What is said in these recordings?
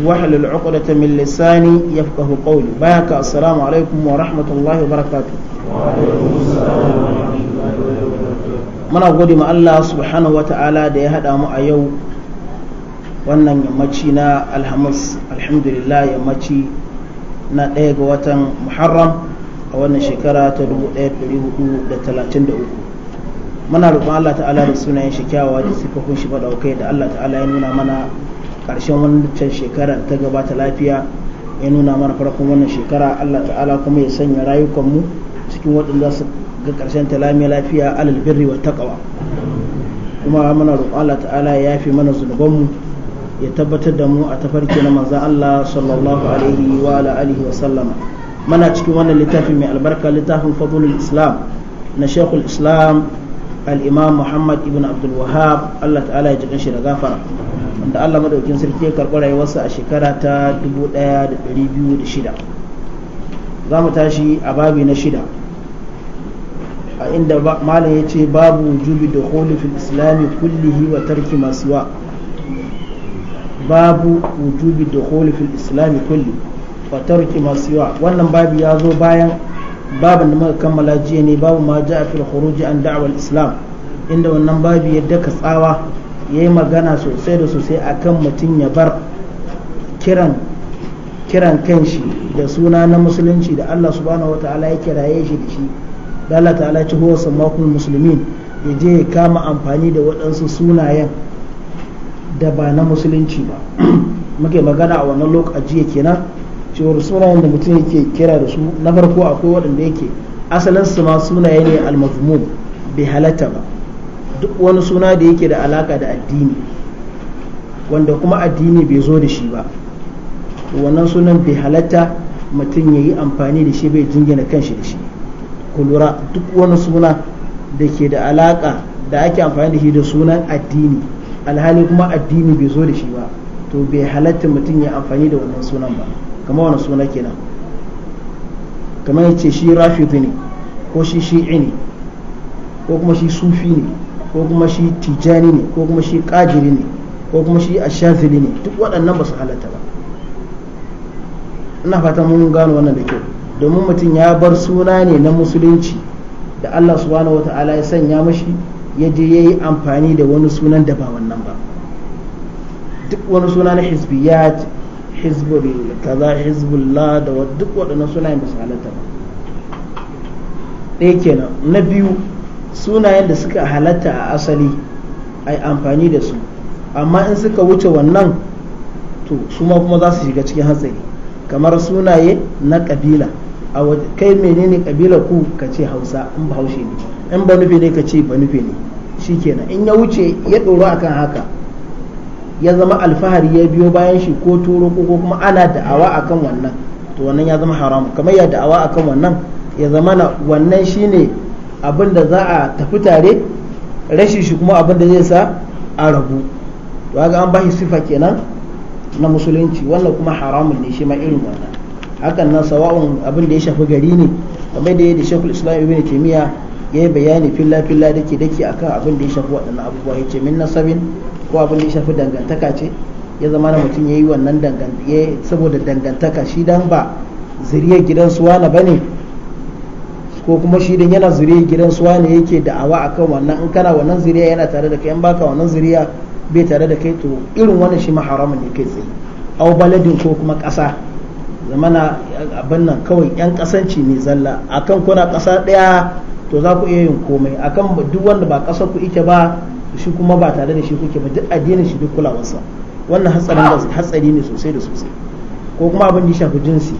wahlul uqdatan min lisani yafqahu qawli baya ka assalamu alaikum wa rahmatullahi wa muna gode ma Allah subhanahu wa ta'ala da ya hada mu a yau wannan yammaci na alhamis alhamdulillah yammaci na ɗaya ga watan muharram a wannan shekara ta 1433 muna roƙon Allah ta'ala da sunayen shi kyawawa da suka kunshi faɗa da Allah ta'ala ya nuna mana karshen wancan shekara ta gabata lafiya ya nuna mana farkon wannan shekara Allah ta'ala kuma ya sanya rayukanmu cikin waɗanda su ga karshen ta lamiya lafiya alal birri wa taqwa kuma muna roƙon Allah ta'ala ya yafe mana zunubanmu ya tabbatar da mu a tafarki na manzo Allah sallallahu alaihi wa alihi wa sallama mana cikin wannan littafin mai albarka littafin fadlul islam na shekul islam al muhammad ibn abdul wahab allah ta'ala ya jikin shi da gafara wanda allah madaukin sarki ya karɓi rayuwarsa a shekara ta 1206 za mu tashi a babi na shida a inda malam ya ce babu wujubi da fil islami kullihi wa tarki masuwa babu wujubi da fil islami kulli wa tarki masuwa wannan babu ya zo bayan babin da muka kammala jiya ne babu ma ja fil khuruji an da'awar islam inda wannan babu yadda ka tsawa ya yi magana sosai da sosai akan mutum ya bar kiran kiran shi da suna na musulunci da Allah subhanahu wataala ya kiraye shi da shi da Allah ta'ala ya ci huwa sammakun musulmin ya je ya kama amfani da waɗansu sunayen da ba na musulunci ba muke magana a wannan lokaci jiya kenan cewar sunayen da mutum yake kira da su na farko akwai waɗanda yake asalin su ma sunaye ne al bai halatta ba duk wani suna da yake da alaka da addini wanda kuma addini bai zo da shi ba wannan sunan bai halatta mutum ya yi amfani da shi bai jingina kanshi da shi ku duk wani suna da ke da alaka da ake amfani da shi da sunan addini alhali kuma addini bai zo da shi ba to bai halatta mutum ya amfani da wannan sunan ba kamar wani suna kenan kamar ya ce shi rafidu ne ko shi shi'i ne ko kuma shi sufi ne ko kuma shi tijani ne ko kuma shi kajiri ne ko kuma shi ashafili ne duk waɗannan ba su halatta ba ina fata mun gano wannan da kyau domin mutum ya bar suna ne na musulunci da allah subhanahu wa ta'ala ya sanya mashi ya je ya yi amfani da wani sunan da ba wannan ba duk wani suna na hizbiyat hizbul kaza hizbullah da duk waɗannan suna yin misalata halatta ɗaya kenan na biyu sunayen da suka halatta a asali a amfani da su amma in suka wuce wannan to su ma kuma za su shiga cikin hatsari kamar sunaye na ƙabila a waje kai menene ƙabila ku ka ce hausa in ba haushe ne in ba nufi ne ka ce ba nufi ne shikenan in ya wuce ya ɗoro akan haka ya zama alfahari ya biyo bayan shi ko turo ko kuma ana da'awa akan wannan to wannan ya zama haramu kamar ya da'awa akan wannan ya zama na wannan shine abin da za a tafi tare rashin shi kuma abin da zai sa a rabu to ga an bashi sifa kenan na musulunci wannan kuma haramun ne shi ma irin wannan hakan nan sawa'un abin da ya shafi gari ne kamar da ya da shekul islam ibn taimiyya ya yi bayani filla filla dake dake akan abin da ya shafi waɗannan abubuwa ya ce min nasabin ko abin da ya shafi dangantaka ce ya zama na mutum ya yi wannan dangantaka saboda dangantaka shi dan ba zuriyar gidan suwana ba ne ko kuma shi dan yana zuriyar gidan suwana yake da'awa kan wannan in kana wannan zuriya yana tare da kai in baka wannan zuriya bai tare da kai to irin wannan shi ma haramun ne kai tsaye au baladin ko kuma ƙasa zamana abin nan kawai yan kasanci ne zalla akan kuna ƙasa ɗaya to za ku iya yin komai akan duk wanda ba ƙasar ku ike ba shi kuma ba tare da shi kuke ba duk addinin shi duk kulawarsa wannan hatsarin hatsari ne sosai da sosai ko kuma abin da shafi jinsi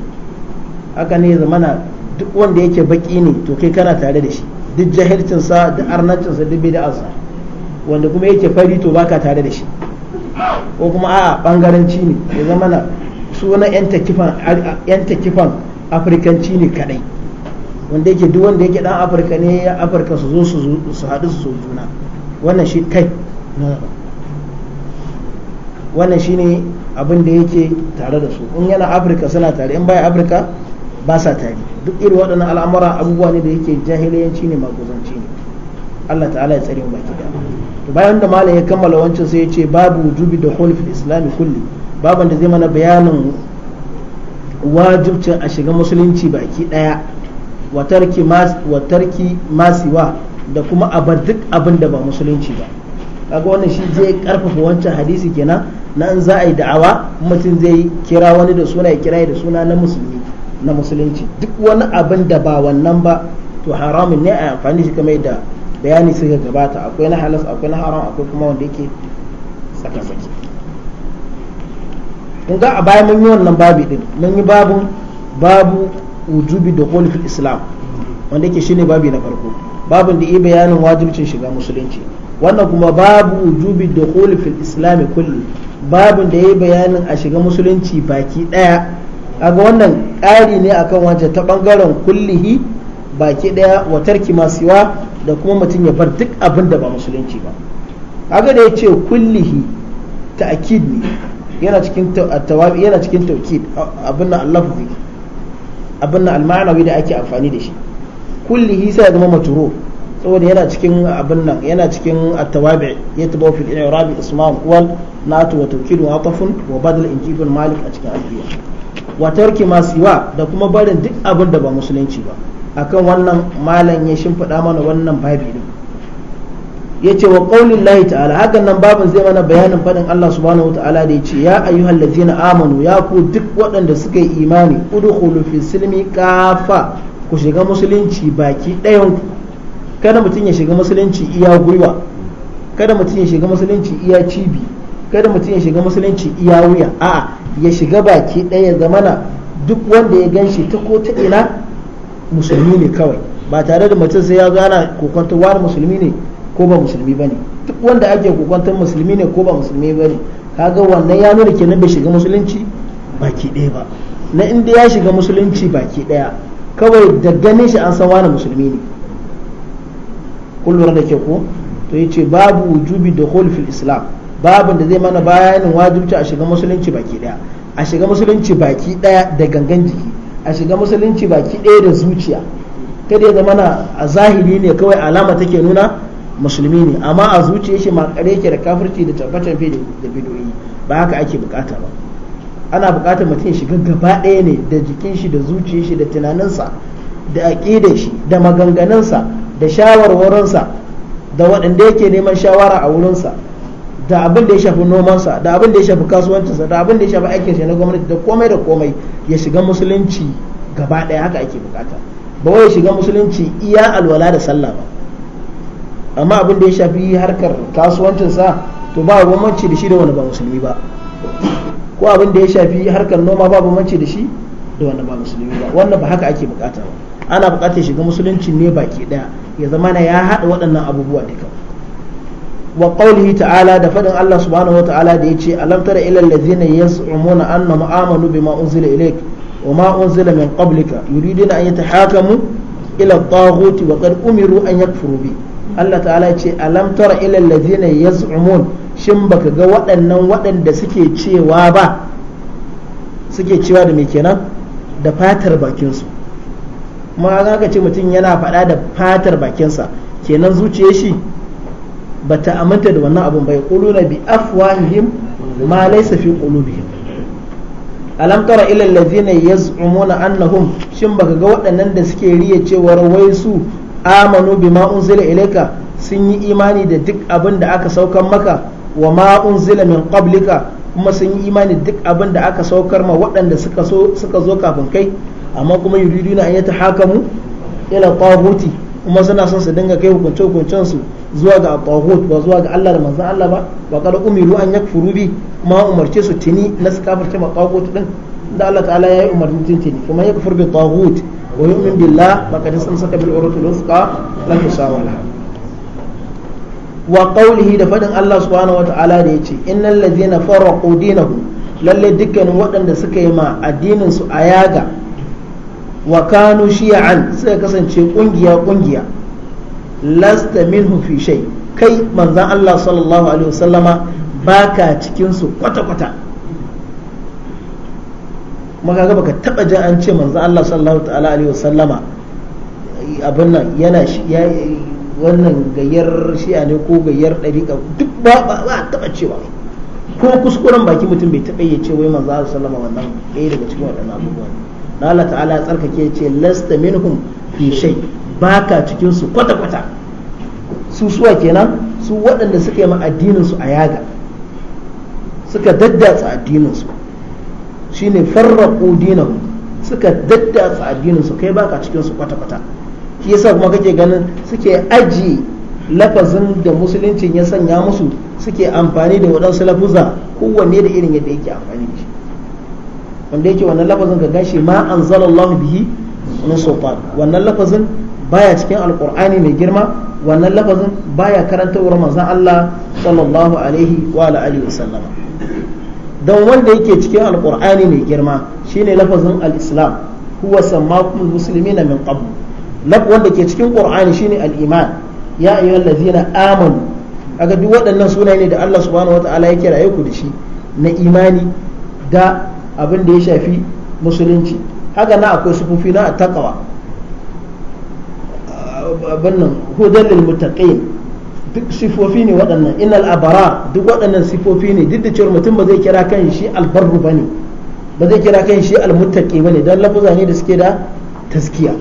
haka ne zamana duk wanda yake baki ne to kai kana tare da shi duk jahilcinsa da arnancinsa duk bid'arsa wanda kuma yake fari to baka tare da shi ko kuma a'a bangaranci ne ya zama sunan yan yan takifan afirkanci ne kadai wanda yake duk wanda yake dan afirka ne ya afirka su zo su haɗu su zo juna wannan shi kai wannan shi ne abin da yake tare da su in yana afirka suna tare in baya afirka ba sa tare duk irin waɗannan al'amura abubuwa ne da yake jahiliyanci ne maguzanci ne Allah ta'ala ya tsare mu baki da to bayan da malam ya kammala wancan sai ya ce babu wujubi da khulf islami kulli baban da zai mana bayanin wajibcin a shiga musulunci baki daya wa tarki wa tarki masiwa da kuma abar duk abin da ba musulunci ba kaga wannan shi zai karfafa wancan hadisi kenan na in za a yi da'awa mutum zai kira wani da suna ya kira da suna na musulmi na musulunci duk wani abin da ba wannan ba to haramun ne a amfani shi kamar da bayani suka gabata akwai na halas akwai na haram akwai kuma wanda yake tsaka in kun ga a baya mun yi wannan babi din mun yi babu babu wujubi da fil islam wanda yake shine babi na farko babin da yi bayanin wajibcin shiga musulunci wannan kuma babu wujubi da fil islami kulli babu da yi bayanin a shiga musulunci baki daya aga wannan ƙari ne akan wancan ta bangaren kullihi baki daya wa tarki masuwa da kuma mutum ya bar duk abin da ba musulunci ba kaga da yace kullihi ta'kid ne yana cikin tawabi yana cikin tawkid abin nan al abin nan al da ake amfani da shi kullihi sai ya zama maturu saboda yana cikin abin nan yana cikin at-tawabi ya fil i'rab isma'u wal natu wa tawkidu wa atafun wa badal injibun malik a cikin alfiya wa tarki ma da kuma barin duk abin da ba musulunci ba akan wannan malam ya shimfiɗa mana wannan babi din yace wa qaulillahi ta'ala hakan nan babin zai mana bayanin fadin Allah subhanahu wata'ala da yace ya ayyuhal ladzina amanu ya ku duk waɗanda suka yi imani udkhulu fi silmi kafa ku shiga musulunci baki ɗayan ku kada mutum ya shiga musulunci iya gwiwa kada mutum ya shiga musulunci iya cibi kada mutum ya shiga musulunci iya wuya a'a ya shiga baki ɗaya zamana duk wanda ya gan shi ta ko ta ina musulmi ne kawai ba tare da mutum sai ya gana kokwantar wani musulmi ne ko ba musulmi ba ne duk wanda ake kokwantar musulmi ne ko ba musulmi ba ne kaga wannan ya nuna kenan bai shiga musulunci baki ɗaya ba na inda ya shiga musulunci baki ɗaya kawai da ganin shi an san wani musulmi ne kullum da ke ko to yi ce babu wujubi da fil islam babin da zai mana bayanin wajibci a shiga musulunci baki daya a shiga musulunci baki daya da gangan jiki a shiga musulunci baki daya da zuciya kada ya zama a zahiri ne kawai alama take nuna musulmi ne amma a zuciya shi makare yake da kafirci da tabbatar da bidoyi ba haka ake bukata ba ana buƙatar mutum shiga gaba ɗaya ne da jikin shi da zuciyar shi da tunaninsa da aƙida shi da maganganunsa da shawarwarinsa da waɗanda yake neman shawara a wurinsa da abin da ya shafi nomansa da abin da ya shafi kasuwancinsa da abin da ya shafi aikin shi na gwamnati da komai da komai ya shiga musulunci gaba ɗaya haka ake bukata ba wai shiga musulunci iya alwala da sallah ba amma abin da ya shafi harkar kasuwancinsa to ba gwamnati da shi da wani ba musulmi ba ko abin da ya shafi harkar noma babu mance da shi da wannan ba musulmi ba wannan ba haka ake bukata ba ana bukatar shiga musulunci ne baki daya ya zama na ya haɗa waɗannan abubuwa duka wa qawlihi ta'ala da fadin Allah subhanahu wa ta'ala da yace alam tara ila allazina yas'umuna anna amanu bima unzila ilayk wa ma unzila min qablika yuriduna an yatahakamu ila at-taghut wa qad umiru an yakfuru bi Allah ta'ala yace alam tara ila allazina yas'umuna shin baka ga waɗannan waɗanda suke cewa ba suke cewa da me kenan da fatar bakinsu ma za ka ce mutum yana faɗa da fatar bakinsa kenan zuciya shi ba ta aminta da wannan abin bai ƙulu na bi afwahihim ma laisa fi qulubihim alam tara ila allazina yaz'umuna annahum shin baka ga waɗannan da suke riya cewar wai su amanu bima unzila ilayka sun yi imani da duk abin da aka saukan maka wa ma unzila min qablika kuma sun yi imani duk abin da aka saukar ma waɗanda suka zo kafin kai amma kuma na ta hakamu ila taguti kuma suna son su dinga kai hukunce hukuncen su zuwa ga tagut ba zuwa ga Allah da manzon Allah ba wa kada umiru an yakfuru bi kuma umarce su tini na su kafirce ma tagut din da Allah ta'ala yayi umarni tini kuma yakfur bi tagut wa yu'min billah faqad saka bil urwatil wuthqa lan tusawala wa qawlihi da faɗin Allah subhanahu wa ta'ala da yace innal ladzina farraqu dinahum lalle dukkanin waɗanda suka yi ma addinin su a yaga wa kanu shi'an suka kasance kungiya kungiya lasta minhu fi shay kai manzan Allah sallallahu alaihi wasallama baka cikin su kwata kwata maka ga baka taba ji an ce manzan Allah sallallahu ta'ala alaihi wasallama abin nan yana wannan gayyar shi'a ne ko gayyar ɗariƙa duk ba ba a taɓa cewa ko kuskuren baki mutum bai taɓa yi ce wai manzo Allah sallama wannan ɗaya daga cikin waɗannan abubuwa na Allah ta'ala ya tsarkake ce lasta minhum fi shay baka cikin su kwata kwata su suwa kenan su waɗanda suka yi ma addinin su a yaga suka daddatsa addinin su shine farraqu dinahum suka daddatsa addinin su kai baka cikin su kwata kwata shi yasa kuma kake ganin suke aji lafazin da musuluncin ya sanya musu suke amfani da waɗansu lafuza kowanne da irin yadda yake amfani da shi wanda yake wannan lafazin ka gashi ma an Allah bihi min sofar wannan lafazin baya cikin alkur'ani mai girma wannan lafazin baya karantawar manzon Allah sallallahu alaihi wa alihi wasallama don wanda yake cikin alkur'ani mai girma shine lafazin al-islam huwa sammakum muslimina min qabl laf wanda ke cikin qur'ani shine al-iman ya ayyuhal ladzina amanu kaga duk waɗannan sunaye ne da Allah subhanahu wataala yake raye ku da shi na imani da abin da ya shafi musulunci haka na akwai sufufi na taqwa abin nan hudan lil muttaqin duk sifofi ne waɗannan innal abara duk waɗannan sifofi ne duk da cewa mutum ba zai kira kan shi albarru bane ba zai kira kan shi almuttaqi bane dan lafuza ne da suke da taskiya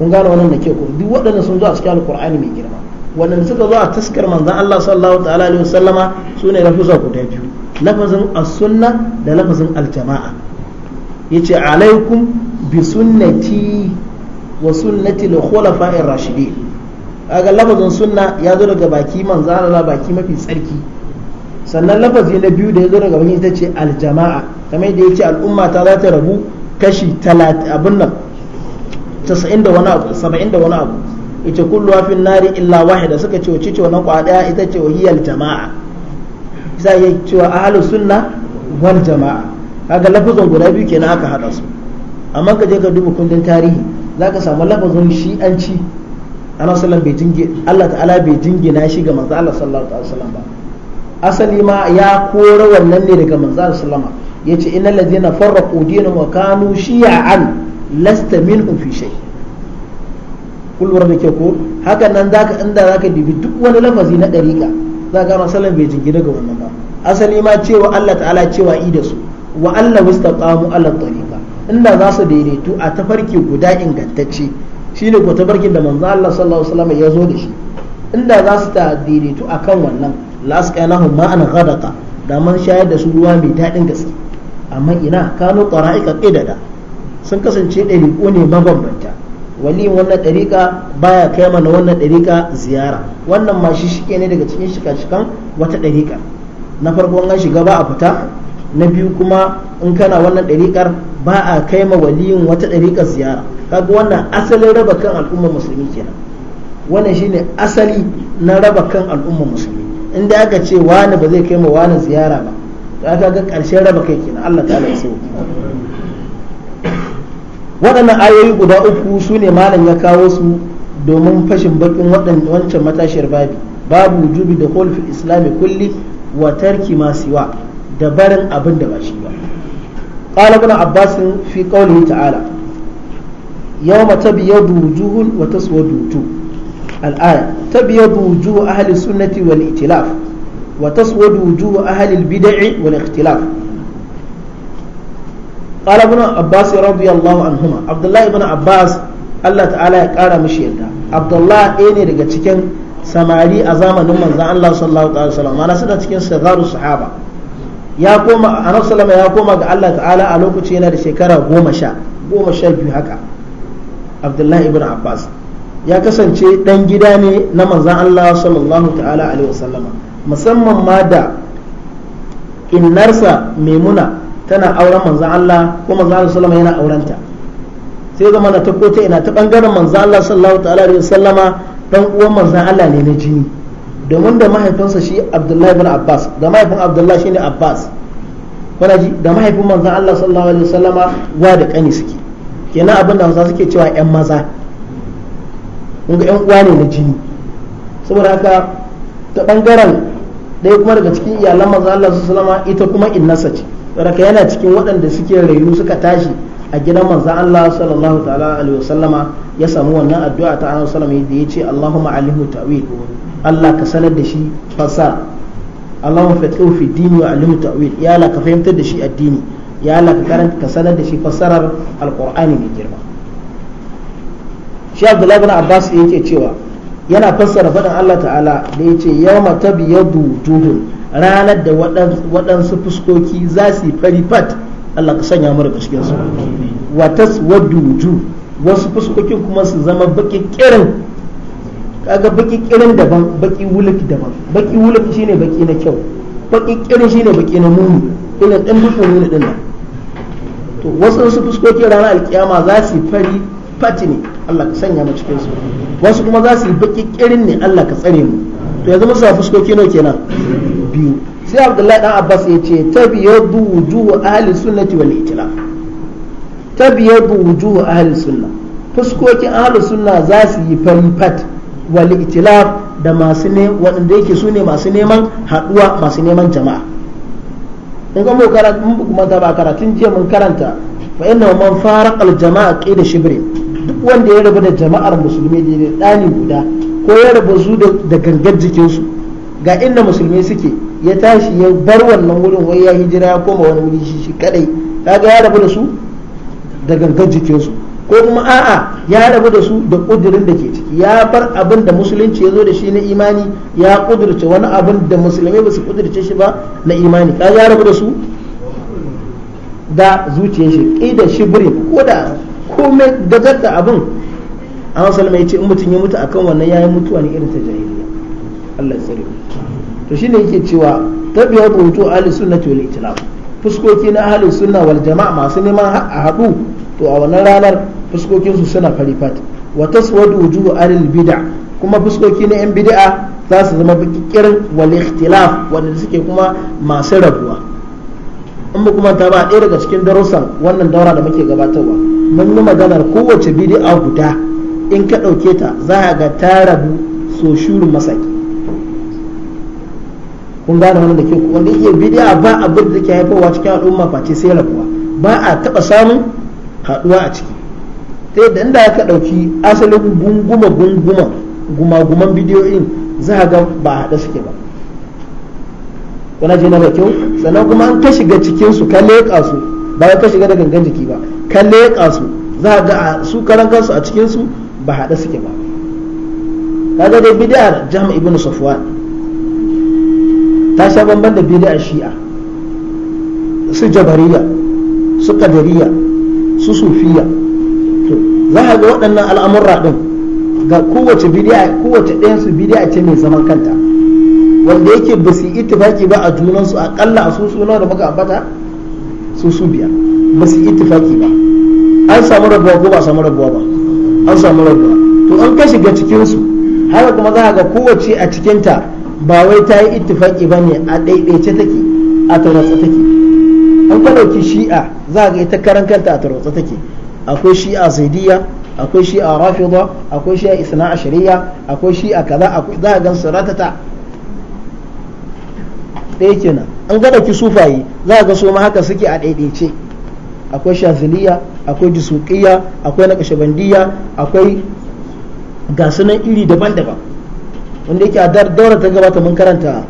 kun gane wannan da ke duk waɗanda sun zo a cikin alkur'ani mai girma wannan suka zo a taskar manzan Allah sallallahu ta'ala alaihi wasallama su ne fusa guda biyu lafazin as-sunna da lafazin al-jama'a yace alaikum bi sunnati wa sunnati al-khulafa'ir rashidin kaga lafazin sunna ya zo daga baki manzan Allah baki mafi tsarki sannan lafazi na biyu da ya zo daga baki ita ce aljama'a jamaa kamar yadda yace al'umma ta za ta rabu kashi 30 abin nan 90 da wani abu 70 da wani abu ita kullu fi nari illa wahida suka ce wace ce wannan kwada ita ce wahiyal jama'a isa ya ce wa ahlus sunna wal jama'a kaga lafazin guda biyu kenan aka hada su amma ka je ka duba kundin tarihi zaka samu lafazin shi'anci ana sallan bai jinge Allah ta'ala bai jingina shi ga manzo Allah sallallahu alaihi wasallam ba asali ma ya kora wannan ne daga manzo Allah wasallam yace innal ladina farraqu dinahum wa kanu shi'an lasta min fi shay kulwar da ke ko haka nan zaka inda zaka dibi duk wani lafazi na dariqa zaka ga sallan bai jingina ga wannan ba asali ma cewa Allah ta'ala cewa i da su wa Allah wastaqamu ala tariqa inda za su daidaitu a tafarki guda ingantacce shine ko tafarkin da manzo Allah sallallahu alaihi wasallam ya zo da shi inda za su ta daidaitu akan wannan ma an ghadaqa da man shayar da su ruwa mai daɗin gaske amma ina kanu qara'iqa qidada sun kasance ɗariƙo ne mabambanta waliyin wannan ɗariƙa baya kai mana wannan ɗariƙa ziyara wannan ma shi shike ne daga cikin shika-shikan wata ɗariƙa na farko an shiga ba a fita na biyu kuma in kana wannan ɗariƙar ba a kai ma waliyin wata ɗariƙar ziyara kaga wannan asalin raba kan al'ummar musulmi kenan wannan shine asali na raba kan al'ummar musulmi inda aka ce wani ba zai kai ma wani ziyara ba kaga ga ƙarshen raba kai kenan Allah ta'ala ya waɗannan ayoyi guda uku su ne malam ya kawo su domin fashin bakin wancan matashiyar babi babu wujubi da fil islami kulli wa tarki ma siwa da barin abin da ba shi ba qala ibn abbas fi qawlihi ta'ala yawma tabyadu wujuhun wa taswadu wujuh al-aya tabyadu wujuh ahli sunnati wal itilaf wa taswadu wujuh ahli al-bid'i wal ikhtilaf qala ibn abbas radiyallahu anhuma abdullahi ibn abbas Allah ta'ala ya kara mishi yadda abdullah ɗaya ne daga cikin samari a zamanin manzon Allah sallallahu alaihi wasallam mana suna cikin sigaru sahaba ya koma annabi sallama ya koma ga Allah ta'ala a lokaci yana da shekara goma sha goma sha biyu haka abdullahi ibn abbas ya kasance dan gida ne na manzan Allah sallallahu ta'ala alaihi wasallama musamman ma da innarsa maimuna tana auren manzan Allah ko manzan Allah sallama yana aurenta sai zama na ta kota ina ta bangaren manzan Allah sallallahu ta'ala alaihi sallama dan uwan manzan Allah ne na jini domin da mahaifinsa shi Abdullahi bin Abbas da mahaifin Abdullahi shine Abbas kuna ji da mahaifin manzan Allah sallallahu alaihi sallama wa da kani suke kenan abin da Hausa suke cewa yan maza kun ga yan uwa ne na jini saboda haka ta bangaren ɗaya kuma daga cikin iyalan manzan Allah sallallahu alaihi sallama ita kuma innasa ce raka yana cikin waɗanda suke rayu suka tashi a gidan manzan Allah sallallahu ta'ala alaihi wasallama ya samu wannan addu'a ta annabi sallallahu alaihi da ce Allahumma alimhu ta'wil Allah ka sanar da shi fasar Allahumma fatihu fi dini wa alimhu ta'wil ya la ka fahimtar da shi addini ya la ka karanta ka sanar da shi fasarar alqur'ani mai girma shi Abdullahi bin Abbas yake cewa yana fassara faɗin Allah ta'ala da ya ce yawma tabyadu wujuhun ranar da waɗansu fuskoki za su yi fari fat Allah ka sanya mara daga cikin su wa taswaddu wasu fuskokin kuma su zama baki kirin kaga baki kirin daban baki wulufi daban baki wulufi shine baki na kyau baki kirin shine baki na muni ina dan duka muni din nan to wasu su fuskokin ranar alkiyama za su yi fari fati ne Allah ka sanya mu cikin su wasu kuma za su yi baki kirin ne Allah ka tsare mu to yanzu musu fuskoki nawa kenan biyu sai abdullahi dan abbas ya ce tabiyadu wujuhu ahli sunnati wal itilaf tabiyadu wujuhu ahli sunna fuskokin ahli sunna za su yi fari fat wal itilaf da masu ne waɗanda yake su ne masu neman haɗuwa masu neman jama'a in ga mu karanta mun kuma ta ba karatun jiya mun karanta fa inna man faraqa al jama'a qida shibrin duk wanda ya rabu da jama'ar musulmi da ɗani guda ko ya rabu su da gangar jikinsu ga inda musulmi suke ya tashi ya bar wannan wurin wai ya hijira ya koma wani wuri shi shi kadai kaga ya rabu da su da gangan jikinsu ko kuma a'a ya rabu da su da kudirin da ke ciki ya bar abin da musulunci ya zo da shi na imani ya kudurce wani abin da musulmi ba su kudurce shi ba na imani kaga ya rabu da su da zuciyar shi ƙida shibirin ko da komai da abin an ya ce in mutum ya mutu akan wannan ya yi mutuwa ne irin ta jahili Allah ya tsare to shine yake cewa tabiyatu wutu ahli sunnati wal ijtihad fuskoki na ahli sunna wal jama'a masu neman a haɗu to a wannan ranar fuskokin su suna fari fat wa taswadu wujuhu ahli bid'a kuma fuskoki na yan bid'a za su zama bakikirin wal ikhtilaf wanda suke kuma masu rabuwa in ba kuma ta ba ɗaya daga cikin darussan wannan daura da muke gabatarwa mun yi maganar kowace bid'a guda in ka ɗauke ta za a ga ta rabu so shuru masaki kun gane wannan da ke wanda iya bidiya ba abin da ke haifarwa cikin al'umma face sai rabuwa ba a taɓa samun haɗuwa a ciki ta yadda inda aka ɗauki asalin gunguma gunguma gumaguman bidiyoyin za a ga ba haɗe suke ba kuna ji na da kyau sannan kuma an ka shiga cikin su leƙa su ba ka shiga da gangan jiki ba kan leƙa su za a ga su karan kansu a cikin su ba haɗe suke ba kaga dai bidiyar jami'a ibn safwan na sha banban da bid'a shi'a su jabariya su kadariya su sufiya to za a ga waɗannan al'amurra ɗin ga kowace bid'a kowace ɗayan su bid'a ce mai zaman kanta wanda yake ba su ittifaki ba a junan su akalla a susu nawa da muka ambata su su biya ba su ittifaki ba an samu rabuwa ko ba a samu rabuwa ba an samu rabuwa to an ka shiga cikin su haka kuma za a ga kowace a cikin ta. ba wai ta yi ittifaki ba ne a ɗaiɗaice take a tarotsa take an ka shi'a za ga ita karan kanta a tarotsa take akwai shi'a zaidiya akwai shi'a rafida akwai shi'a isna shari'a akwai shi'a kaza za a gan su ratata ɗaya kenan an ga ɗauki sufaye za a ga su ma haka suke a ɗaiɗaice akwai shaziliya akwai jisuƙiya akwai naƙashabandiya akwai gasunan iri daban-daban wanda yake a daura ta gabata mun karanta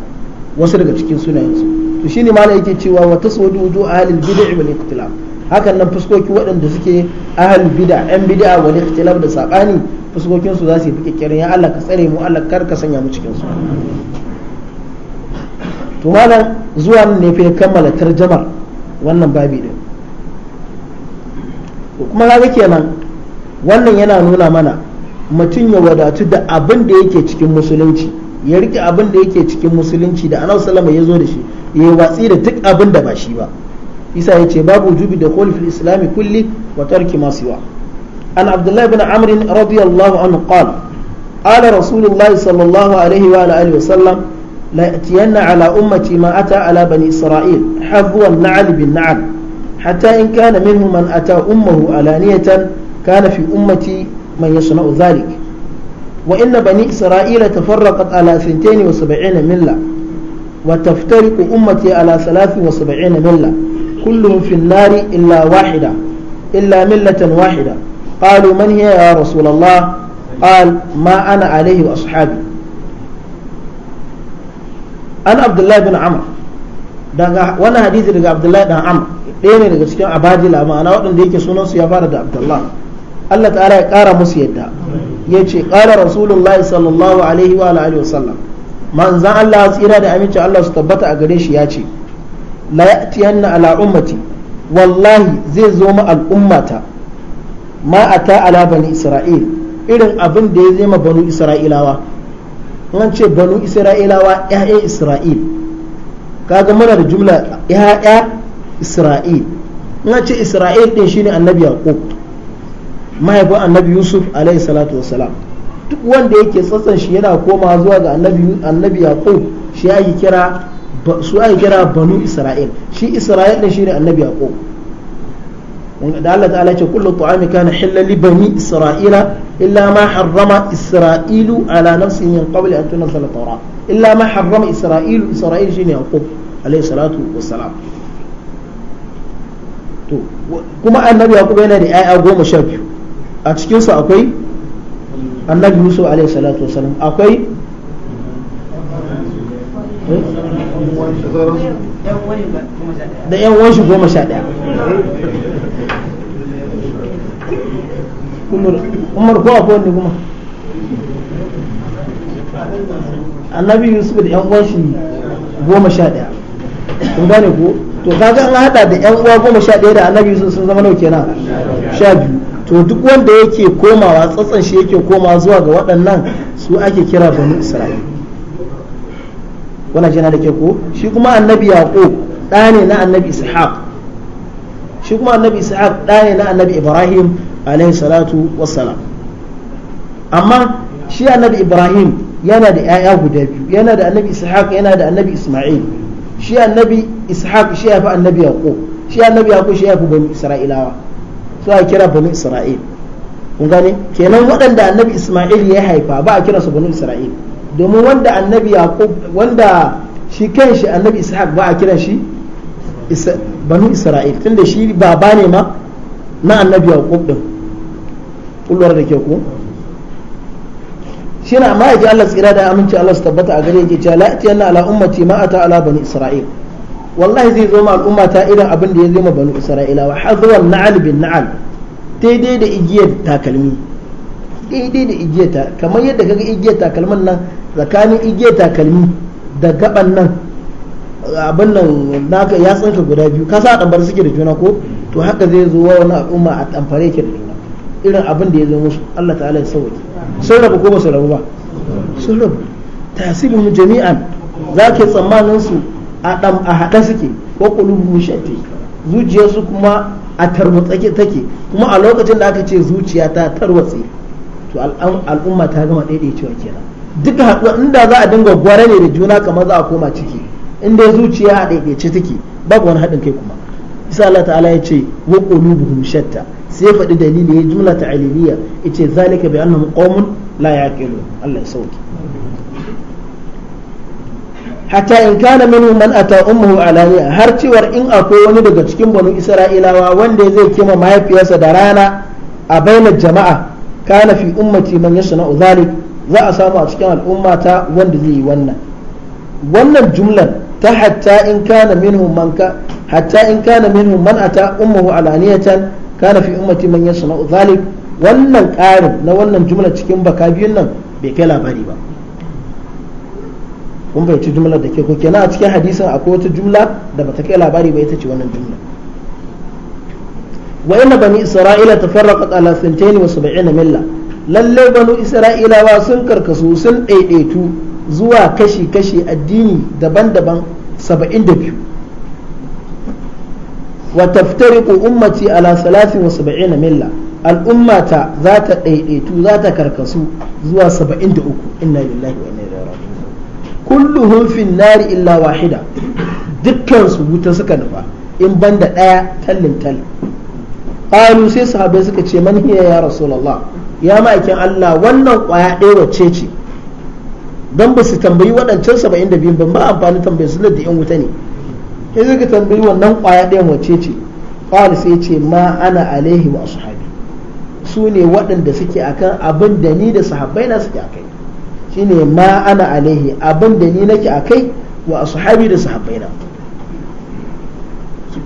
wasu daga cikin sunayensu to shine malam yake cewa wa tasawudu wudu ahlil bid'ah wal ikhtilaf hakan nan fuskoki waɗanda suke ahlul bid'ah yan bid'ah wal ikhtilaf da sabani fuskokin su za su fi kikkirin ya Allah ka tsare mu Allah kar ka sanya mu cikin su to malam zuwa ne fa ya kammala tarjamar wannan babi din kuma kaga kenan wannan yana nuna mana mutum ya wadatu da abin da yake cikin musulunci ya rike abin yake cikin musulunci da anan salama ya zo da shi ya yi watsi da duk abinda ba shi ba isa ya ce babu jubi da kwalif islami kulli wa tarki masu an abdullahi bin amrin radiyallahu anhu qal ala rasulullahi sallallahu alaihi wa sallam la tiyanna ala ummati ma ata ala bani isra'il habwa na'al bin na'al hatta in kana minhum man ata ummuhu alaniyatan kana fi ummati من يصنع ذلك وإن بني إسرائيل تفرقت على 72 ملة وتفترق أمتي على 73 ملة كلهم في النار إلا واحدة إلا ملة واحدة قالوا من هي يا رسول الله قال ما أنا عليه وأصحابي أنا عبد الله بن عمرو daga wani hadisi daga abdullahi dan am ɗaya ne daga cikin abadila ma'ana waɗanda yake sunansu ya fara da abdullahi Allah ta'ala ya ƙara musu yadda ya ce ƙara rasulullahi sallallahu alaihi wa alihi wa sallam manzan Allah tsira da aminci Allah su tabbata a gare shi ya ce la ti ala ummati wallahi zai zo ma al'ummata ma ata ala bani isra'il irin abin da ya zama banu isra'ilawa an ce banu isra'ilawa ya'ya isra'il kaga muna da jumla ya'ya isra'il An ce isra'il din shine annabi yaqub mahaifin annabi yusuf alaihi salatu salam duk wanda yake tsatsan shi yana koma zuwa ga annabi annabi yaqub shi ake kira su ake kira banu isra'il shi isra'il din ne annabi yaqub da Allah ta'ala ce kullu ta'ami kana halal li bani isra'ila illa ma harrama isra'ilu ala nafsihi min qabli an tunzala tawra illa ma harrama isra'ilu isra'il ne yaqub alaihi salatu wa to kuma annabi yaqub yana da ayya goma sha biyu a cikinsu akwai annabi musu alaihi salatu wasalam akwai da yan wanshi goma sha ɗaya umar ko akwai wanda kuma annabi yusuf da yan shi goma sha ɗaya kun gane ko to kaga an hada da yan uwa goma sha ɗaya da annabi yusuf sun zama nau kenan sha biyu to duk wanda yake komawa tsatsan shi yake komawa zuwa ga waɗannan su ake kira banu isra'il Wana jana da ke ko shi kuma annabi yaqub ɗa ne na annabi ishaq shi kuma annabi ishaq ɗa ne na annabi ibrahim alaihi salatu wassalam amma shi annabi ibrahim yana da 'ya'ya guda biyu yana da annabi ishaq yana da annabi isma'il shi annabi ishaq shi ya fi annabi yaqub shi annabi yaqub shi ya fi banu isra'ilawa su a kira banu isra'il kun gane kenan waɗanda annabi isma'il ya haifa ba a kira su banu isra'il domin wanda annabi yaqub wanda shi kan shi annabi ishaq ba a kiran shi banu isra'il tunda shi baba ne ma na annabi yaqub din kullum da ke ku shi na amma ya ji Allah tsira da aminci Allah su tabbata a gare ya ce la yana ala ummati ma ata ala bani isra'il wallahi zai zo ma al'umma ta irin abin da ya zo ma banu isra'ilawa zuwa na'al bin na'al daidai da igiyar takalmi daidai da igiyar ta kamar yadda kaga igiyar takalmin nan tsakanin igiyar takalmi da gaban nan abin nan naka ya tsinka guda biyu ka sa dambar suke da juna ko to haka zai zo wa wani al'umma a tamfare ki da juna irin abin da ya zo musu Allah ta'ala ya sauki sun rabu ko ba su rabu ba sun rabu tasirin jami'an zake tsammanin su a haɗa suke ko qulubu shatti zuciyarsu kuma a tarwatsake take kuma a lokacin da aka ce zuciya ta tarwatse to al'umma ta gama cewa kenan duka haɗuwa inda za a dinga gwara ne da juna kamar za a koma ciki inda zuciya a ɗaiɗaice take babu wani haɗin kai kuma isa Allah ta'ala ya ce wa qulubuhum shatta sai ya faɗi dalili ya jumla ta ya yace zalika bi annahum qaumun la yaqilun Allah ya sauke hatta in kana min man ata ummuhu alaniya har cewar in akwai wani daga cikin banu isra'ilawa wanda zai kima mahaifiyarsa da rana a bainar jama'a kana fi ummati man yasna'u zalik za a samu a cikin al'umma ta wanda zai yi wannan wannan jumlar ta hatta in kana min man ka hatta in kana minhum man ata ummuhu alaniyatan kana fi ummati man yasna'u zalik wannan ƙarin na wannan jumla cikin baka biyun nan bai kai labari ba kun bayyace jumlar da ke ko kenan a cikin hadisin akwai wata jumla da bata kai labari ba ita ce wannan jumla wa inna bani isra'ila tafarraqat ala 72 milla lalle banu isra'ilawa sun karkasu sun ɗaiɗaitu zuwa kashi-kashi addini daban-daban 72 wa taftariqu ummati ala 73 milla al'ummata za ta ɗaiɗaitu za ta karkasu zuwa 73 inna lillahi wa inna ilaihi raji'un kulluhum fin nari illa wahida dukkan wuta suka nufa in banda ɗaya tallin tal qalu sai sahabai suka ce man hiya ya rasulullah ya ma'aikin Allah wannan kwaya ɗaya wacce ce dan ba su tambayi waɗancan 72 ban ba amfani tambayi su da yan wuta ne sai suka tambayi wannan kwaya ɗayan wacce ce qala sai ce ma ana alaihi wa ashabi su ne waɗanda suke akan abin da ni da sahabbai na suke akai shine ma ana alaihi abin da ni nake a kai wa ashabi da sahabbaina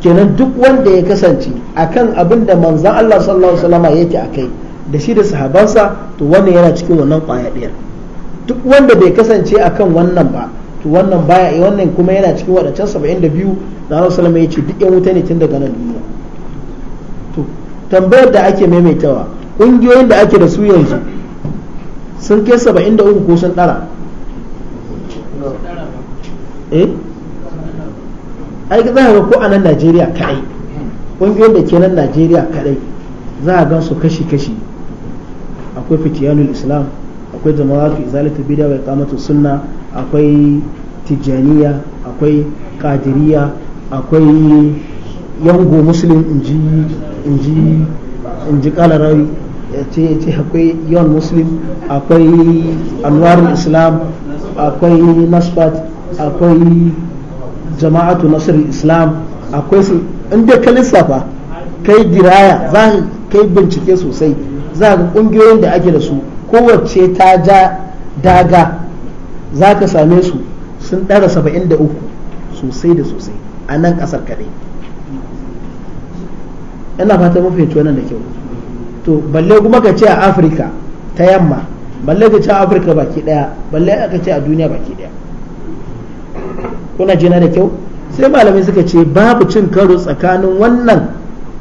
kenan duk wanda ya kasance akan abin da Allah sallallahu alaihi wasallam yake kai da shi da sahabansa to wannan yana cikin wannan kwaya ɗaya duk wanda bai kasance akan wannan ba to wannan baya wannan kuma yana cikin wadancan 72 da Allah sallallahu alaihi ya ce duk yan wuta ne tun daga nan duniya to tambayar da ake maimaitawa ƙungiyoyin da ake da su yanzu sun kai saba'in da uku ko sun ɗara eh ai za ga ko a nan najeriya kaɗai ƙungiyar da ke nan najeriya kaɗai za a gan su kashi-kashi akwai fitiyanul islam akwai jama'atu izalatu bid'a wa iqamatu sunna akwai tijaniya akwai qadiriya akwai yango muslim inji inji inji ce ce akwai yawan muslim akwai anwarul islam akwai nasfat akwai jama'atu nasir islam akwai su inda ka lissafa kai diraya za kai bincike sosai za ka kungiyoyin da ake da su kowace ta ja daga za ka same su sun ɗara saba'in da uku sosai da sosai a nan ƙasar kaɗai ina fata mafi wannan da kyau to balle kuma ka ce a afirka ta yamma balle ka ce a afirka baki daya balle ka ce a duniya baki daya kuna jina da kyau sai malamai suka ce babu cin karo tsakanin wannan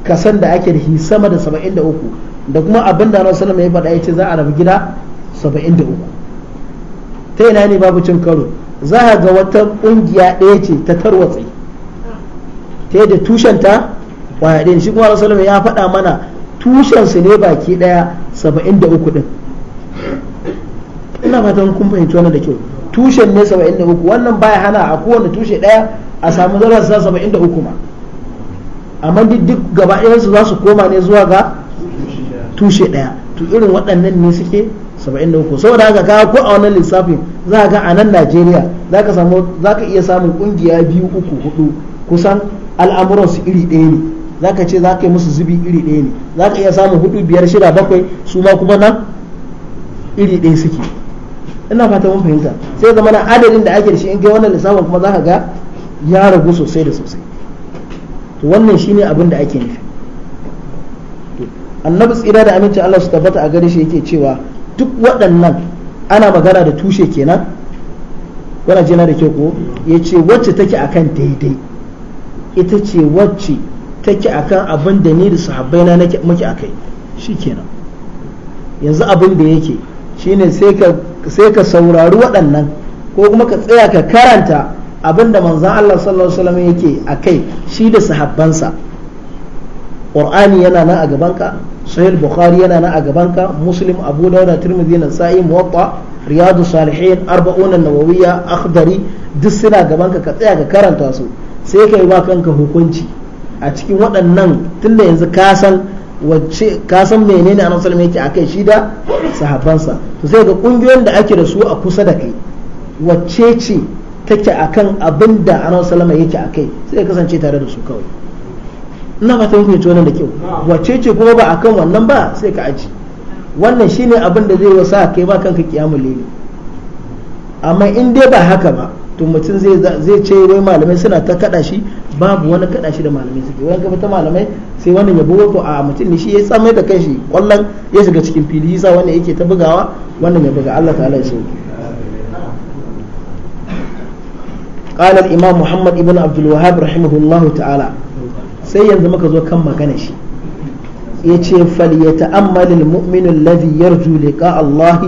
kasan da ake da shi sama da 73 da kuma abin da Annabi sallallahu faɗa ya ce za a rabu gida 73 ta ina ne babu cin karo za a ga wata kungiya ɗaya ce ta tarwatse ta da tushenta kwaya ɗaya shi kuma Annabi ya faɗa mana tushensu ne baki daya saba'in da uku ɗin ina fatan kun fahimci wannan da kyau tushen ne saba'in da uku wannan baya hana a kowane tushe ɗaya a samu zarar sa saba'in da uku ma amma duk gaba ɗayansu za su koma ne zuwa ga tushe ɗaya to irin waɗannan ne suke saba'in da uku saboda haka ka ko a wannan lissafin za ga a nan najeriya za ka iya samun ƙungiya biyu uku hudu kusan al'amuransu iri ɗaya ne zaka ce zaka yi musu zubi iri ɗaya ne za iya samun hudu biyar shida bakwai su ma kuma nan iri ɗaya suke ina fata mun fahimta sai zama na adadin da ake da shi in kai wannan lissafin kuma za ga ya ragu sosai da sosai to wannan shine abin da ake nufi annabi tsira da aminci Allah su tabbata a gare shi yake cewa duk waɗannan ana magana da tushe kenan wana jina da kyau ko ya ce wacce take akan daidai ita ce wacce take akan abin da ni da sahabbai na kai muke akai shikenan yanzu abin da yake shine sai ka sai ka saurari waɗannan ko kuma ka tsaya ka karanta abin da manzon Allah sallallahu alaihi wasallam yake akai shi da sahabbansa qur'ani yana nan a gabanka sahih bukhari yana nan a gabanka muslim abu dawud tirmidhi nasa'i muwatta riyadu salihin arba'una nawawiyya akhdari duk suna gabanka ka tsaya ka karanta su sai kai ba kanka hukunci a cikin waɗannan tun da yanzu kasan wacce kasan san menene annabi sallallahu yake a kai shi da sahabansa to sai ga ƙungiyoyin da ake da su a kusa da kai wacce ce take kan abin da annabi ke yake kai sai ya kasance tare da su kawai ina ta yi fahimci wannan da kyau wacce ce kuma ba a kan wannan ba sai ka aji wannan shi ne abin da zai wasa kai ba kanka kiyamul lili amma in dai ba haka ba to mutum zai ce wai malamai suna ta kaɗa shi babu wani kada shi da malamai suke wani gaba ta malamai sai wannan ya bugo to a mutum ne shi ya tsamai da kanshi kwallon ya shiga cikin fili yasa wannan yake ta bugawa wannan ya buga Allah ta'ala ya sauke قال الإمام محمد ابن عبد الوهاب رحمه الله تعالى سيد زمك زو كم مكانش يتي فليتأمل المؤمن الذي يرجو لقاء الله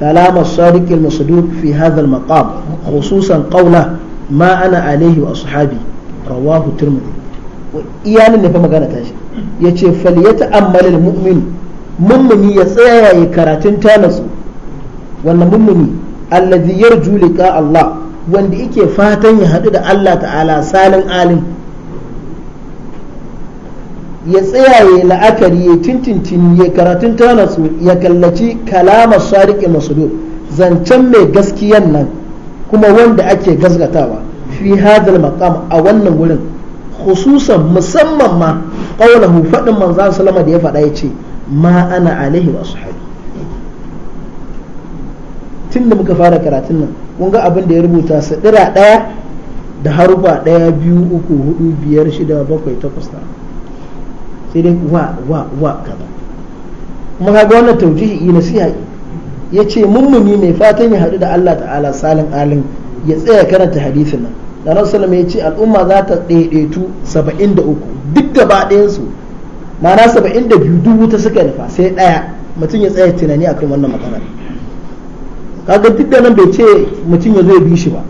كلام الصادق المصدوق في هذا المقام خصوصا قوله ما أنا عليه وأصحابي rawahu tirmidhi iyalin ne fa magana ta shi yace falyata'ammalul mu'min mummuni ya tsaya ya karatun tanasu wannan mummuni alladhi yarju Allah wanda ike fatan ya haɗu da Allah ta'ala salin alim ya tsaya ya la'akari ya tuntuntun ya karatun tanasu ya kallaci kalamar sadiq masu zancen mai gaskiyan nan kuma wanda ake gasgatawa fi hadal maqam a wannan wurin khususan musamman ma qawluhu fadin manzo sallama da ya faɗa yace ma ana alaihi wa ashabi tun da muka fara karatun nan kun ga abin da ya rubuta su dira daya da harufa daya biyu uku hudu biyar shida bakwai takwas ta sai dai wa wa wa kaza kuma kaga wannan taujihi nasiha ya ce mummuni mai fatan ya haɗu da Allah ta'ala salin alin ya tsaya karanta hadisin nan da na sallama ya ce al'umma za ta ɗaiɗaitu saba'in da uku duk gaba ɗayansu ma'ana saba'in da biyu dubu ta suka nufa sai ɗaya mutum ya tsaya tunani akan wannan matsalar kaga duk da nan bai ce mutum ya zo ya bi shi ba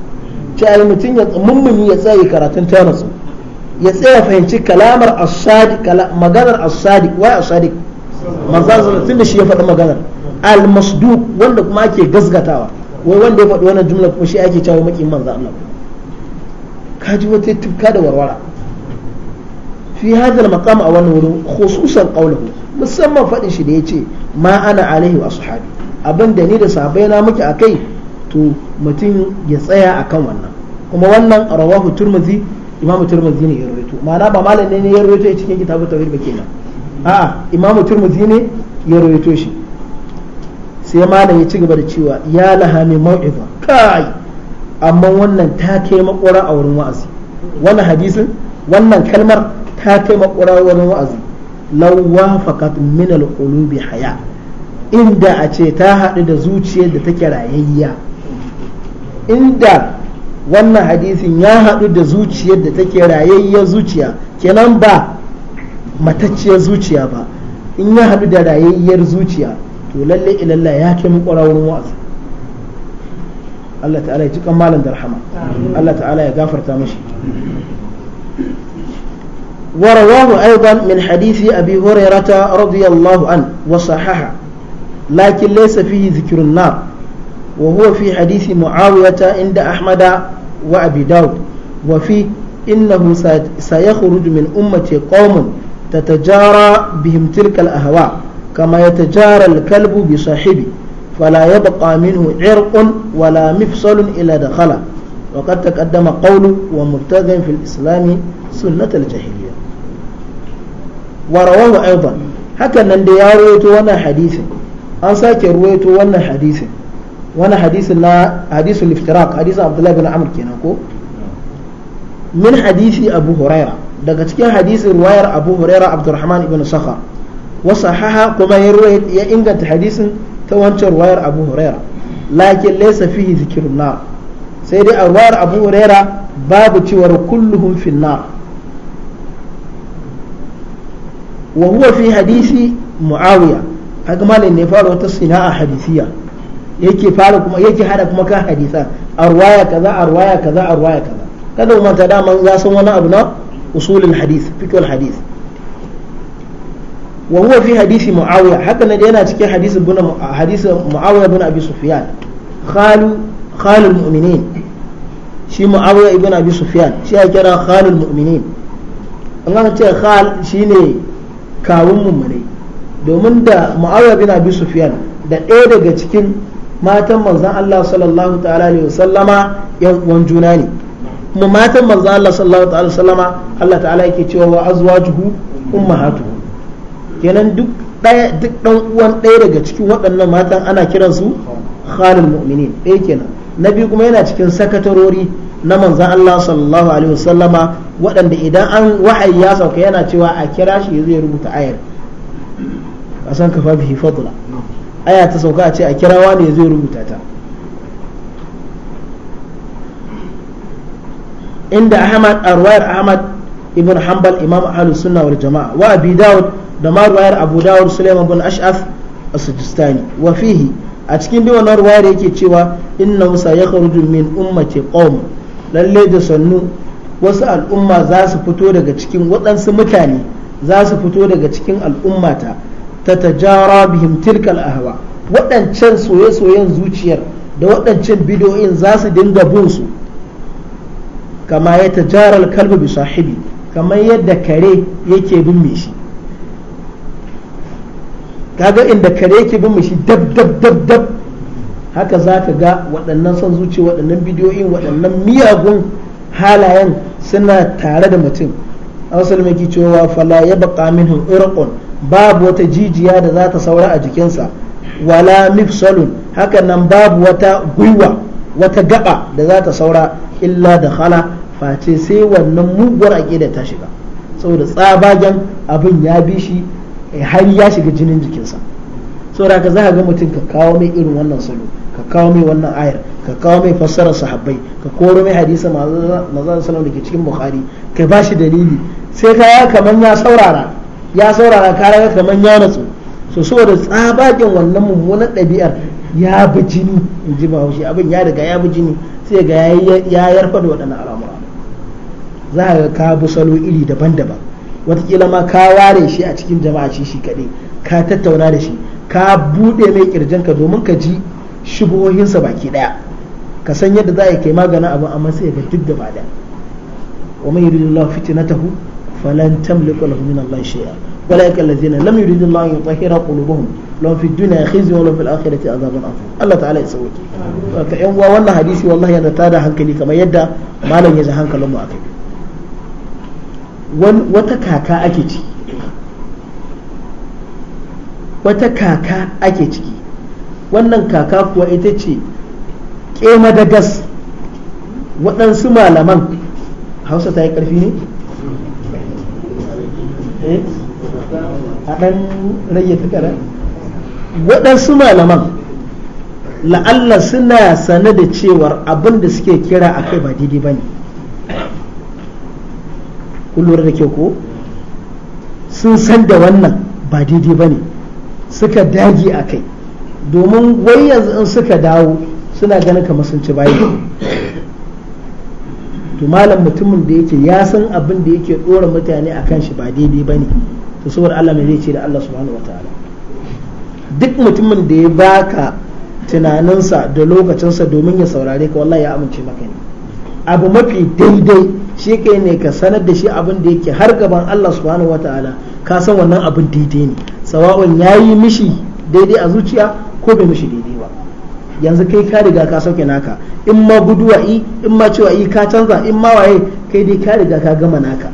ce ai mutum ya mummuni ya tsaya karatun tanasu ya tsaya fahimci kalamar asadi maganar asadi wai asadi manzan tun da shi ya faɗi maganar al-masduq wanda kuma ake gasgatawa wai wanda ya faɗi wannan jumla kuma shi ake cewa makin manzan Allah kaji wata tufka da warwara fi hadal maqam a wannan wurin khususan qawluhu musamman fadin shi da yace ma ana alaihi wa sahabi abin da ni da sahabbai na muke akai to mutum ya tsaya akan wannan kuma wannan rawahu Turmazi imamu Turmazi ne ya rawaito ma'ana ba malam ne ya rawaito cikin kitabu tawhid ba kenan a'a imamu Turmazi ne ya rawaito shi sai malam ya ci gaba da cewa ya laha mai mau'iza kai amma wannan ta kai makura a wurin wa'azi wannan hadisin wannan kalmar ta kai makura a wurin wa'azi Lawa fakat min al haya inda a ce ta haɗu da zuciyar da take rayayya inda wannan hadisin ya haɗu da zuciyar da take rayayyar zuciya kenan ba matacciyar zuciya ba in ya haɗu da rayayyar zuciya to lalle ilalla ya kai makura wurin wa'azi Allah ta'ala ya ji kammalin da rahama Allah ta'ala ya gafarta mashi warawahu aidan min hadisi abi hurairata radiyallahu an wa sahaha lakin laysa fihi zikrun nar wa huwa fi hadisi muawiyata inda ahmada wa abi daud wa fi innahu sayakhruj min ummati qaumun tatajara bihim tilka al ahwa kama yatajara al kalbu bi sahibihi فلا يبقى منه عرق ولا مفصل إلا دخله وقد تقدم قول ومبتغ في الإسلام سنة الجاهلية ورواه أيضا haka nan da ya ruwaito wannan hadisin an sake ruwaito wannan hadisin wannan hadisin na hadisul iftiraq hadisin abdullahi bin amr kenan ko min hadisi abu huraira daga cikin hadisin ruwayar abu huraira abdurrahman ibn sakha wa sahaha kuma ya inganta hadisin ta wancan ruwayar abu huraira lakin laysa fihi zikrun nar sai dai a ruwayar abu huraira babu cewar kulluhum fin nar wa huwa fi hadisi muawiya kaga malin ne fara wata sina'a hadisiya yake fara kuma yake hada kuma kan hadisa a ruwaya kaza a ruwaya kaza a ruwaya kaza kada mu manta daman ya san wani abu na usulul hadis fiqhul hadis wa fi hadisi muawiya haka nan yana cikin hadisi bin hadisi muawiya bin abi sufyan khalu khalul mu'minin shi muawiya ibn abi sufyan shi ya kira khalul mu'minin an ce khal shine kawun mummune domin da muawiya bin abi sufyan da ɗaya daga cikin matan manzon Allah sallallahu alaihi wasallama yan uwan juna ne kuma matan manzon Allah sallallahu alaihi wasallama Allah ta'ala yake cewa wa azwajuhu kenan duk ɗaya duk ɗan uwan ɗaya daga cikin waɗannan matan ana kiransu khalil mu'minin ɗaya kenan na biyu kuma yana cikin sakatarori na manzan Allah sallallahu alaihi wasallama waɗanda idan an wahayi ya sauka yana cewa a kira shi ya zai rubuta ayar a san kafa bihi fadla aya ta sauka a ce a kira wani ya zai rubuta ta inda Ahmad arwayar Ahmad ibn Hanbal imam ahlus sunna wal jama'a wa Abi Dawud da ma ruwayar abu dawud sulaiman bin ash'af as-sijistani wa fihi a cikin dai wannan ruwayar yake cewa inna musa ya kharuju min ummati qaum lalle da sannu wasu al'umma za su fito daga cikin waɗansu mutane za su fito daga cikin al'ummata ta tajara bihim tilkal ahwa waɗancan soye-soyen zuciyar da waɗancan bidoyin za su dinga bin su kama ya tajarar kalbi bi sahibi kamar yadda kare yake bin mai shi kaga inda kare yake bin shi dab dab dab dab haka za ka ga waɗannan son zuci waɗannan bidiyoyin waɗannan miyagun halayen suna tare da mutum wasu limaki cewa fala ya baka minhu irqun babu wata jijiya da za ta saura a jikinsa wala mifsalun haka nan babu wata gwiwa wata gaba da za ta saura illa da hala face sai wannan muguwar aƙida ta shiga saboda tsabagen abin ya bi shi Eh, har ya shiga jinin jikinsa saboda ka za ka ga mutum ka kawo mai irin wannan salo ka kawo mai wannan ayar ka kawo mai fassarar sahabbai ka koro mai hadisa maza salam da ke cikin bukhari ka ba shi dalili sai ka ya kamar ya saurara ya saurara ka raga kamar ya natsu so saboda tsabagen wannan mummunan ɗabi'ar ya bi jini in ji haushi abin ya riga ya bi jini sai ga ya yarfa da waɗannan al'amura za a ka bi salo iri daban-daban watakila ma ka ware shi a cikin jama'a shi shi kaɗai ka tattauna da shi ka buɗe mai kirjinka domin ka ji shubuhohinsa baki ɗaya ka san yadda za a kai maganin abin amma sai ga duk da gaba da wa man yuridillahu fitnatahu falan tamliku lahu min Allah shay'a ولكن الذين لم يريد الله ان يطهر قلوبهم لهم في الدنيا خزي ولهم في الاخره عذاب Allah Ta'ala ya يسوي كي yan uwa wannan hadisi wallahi yana tada hankali kamar yadda malam ya ji hankalin mu akai wata kaka ake ciki wata kaka ake ciki wannan kaka kuwa ita ce ƙema da gas waɗansu malaman hausa ta yi ƙarfi ne? Eh? a ɗan rage takara waɗansu malaman la'alla suna sane da cewar abin da suke kira a kai ba daidai ba ne kun lura da ke ko sun san da wannan ba daidai ba ne suka dage a kai domin wai yanzu in suka dawo suna ganin kamar sun ci bayi to malam mutumin da yake ya san abin da yake dora mutane a kan shi ba daidai ba ne to saboda Allah mai zai ce da Allah subhanahu wa ta'ala duk mutumin da ya baka tunaninsa da lokacinsa domin ya saurare ka wallahi ya amince maka ne abu mafi daidai shi ne ka sanar da shi abin da yake har gaban Allah subhanahu wataala ka san wannan abin daidai ne sawa'un ya yi mishi daidai a zuciya ko bai mishi daidai ba yanzu kai ka riga ka sauke naka in ma guduwa in ma cewa i ka canza in ma waye kai dai ka riga ka gama naka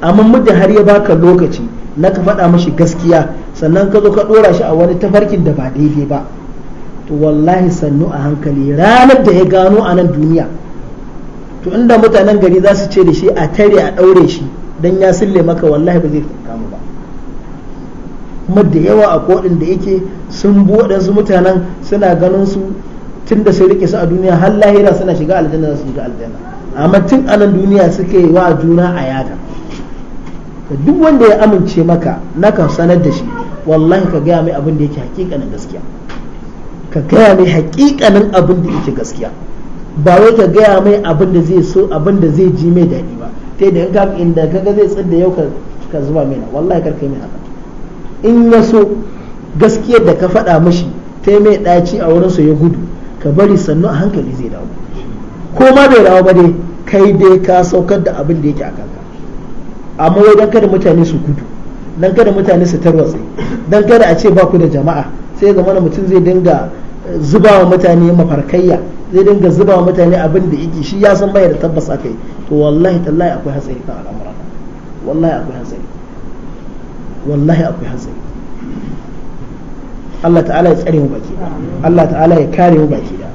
amma muddin har ya baka lokaci na ka faɗa mashi gaskiya sannan ka zo ka ɗora shi a wani tafarkin da ba daidai ba to wallahi sannu a hankali ranar da ya gano a nan duniya to inda mutanen gari za su ce da shi a tare a ɗaure shi don ya sille maka wallahi ba zai kamu ba kuma da yawa a kodin da yake sun bu su mutanen suna ganin su tun da sai rike su a duniya har lahira suna shiga aljanna za su shiga aljanna amma tun anan duniya suke yi wa juna a yada duk wanda ya amince maka na kan sanar da shi wallahi ka gaya mai abin da yake hakikanin gaskiya ka gaya mai hakikanin abin da yake gaskiya ba wai ka gaya mai abin da zai so abin da zai ji mai daɗi ba ta da ka inda kaga zai tsada yau ka zuba mai na wallahi karka mai haka in ya so gaskiyar da ka faɗa mashi ta mai ɗaci a wurin su ya gudu ka bari sannu a hankali zai dawo ko ma bai dawo ba dai kai dai ka saukar da abin da yake a kanka amma wai dan kada mutane su gudu dan kada mutane su tarwatse dan kada a ce ba ku da jama'a sai ga mana mutum zai dinga zuba wa mutane mafarkayya zai dinga zuba wa mutane abin da yake shi ya san bai da tabbas yi to wallahi tallahi akwai hatsari kan al'amura wallahi akwai hatsari wallahi akwai hatsari Allah ta'ala ya tsare mu baki Allah ta'ala ya kare mu baki da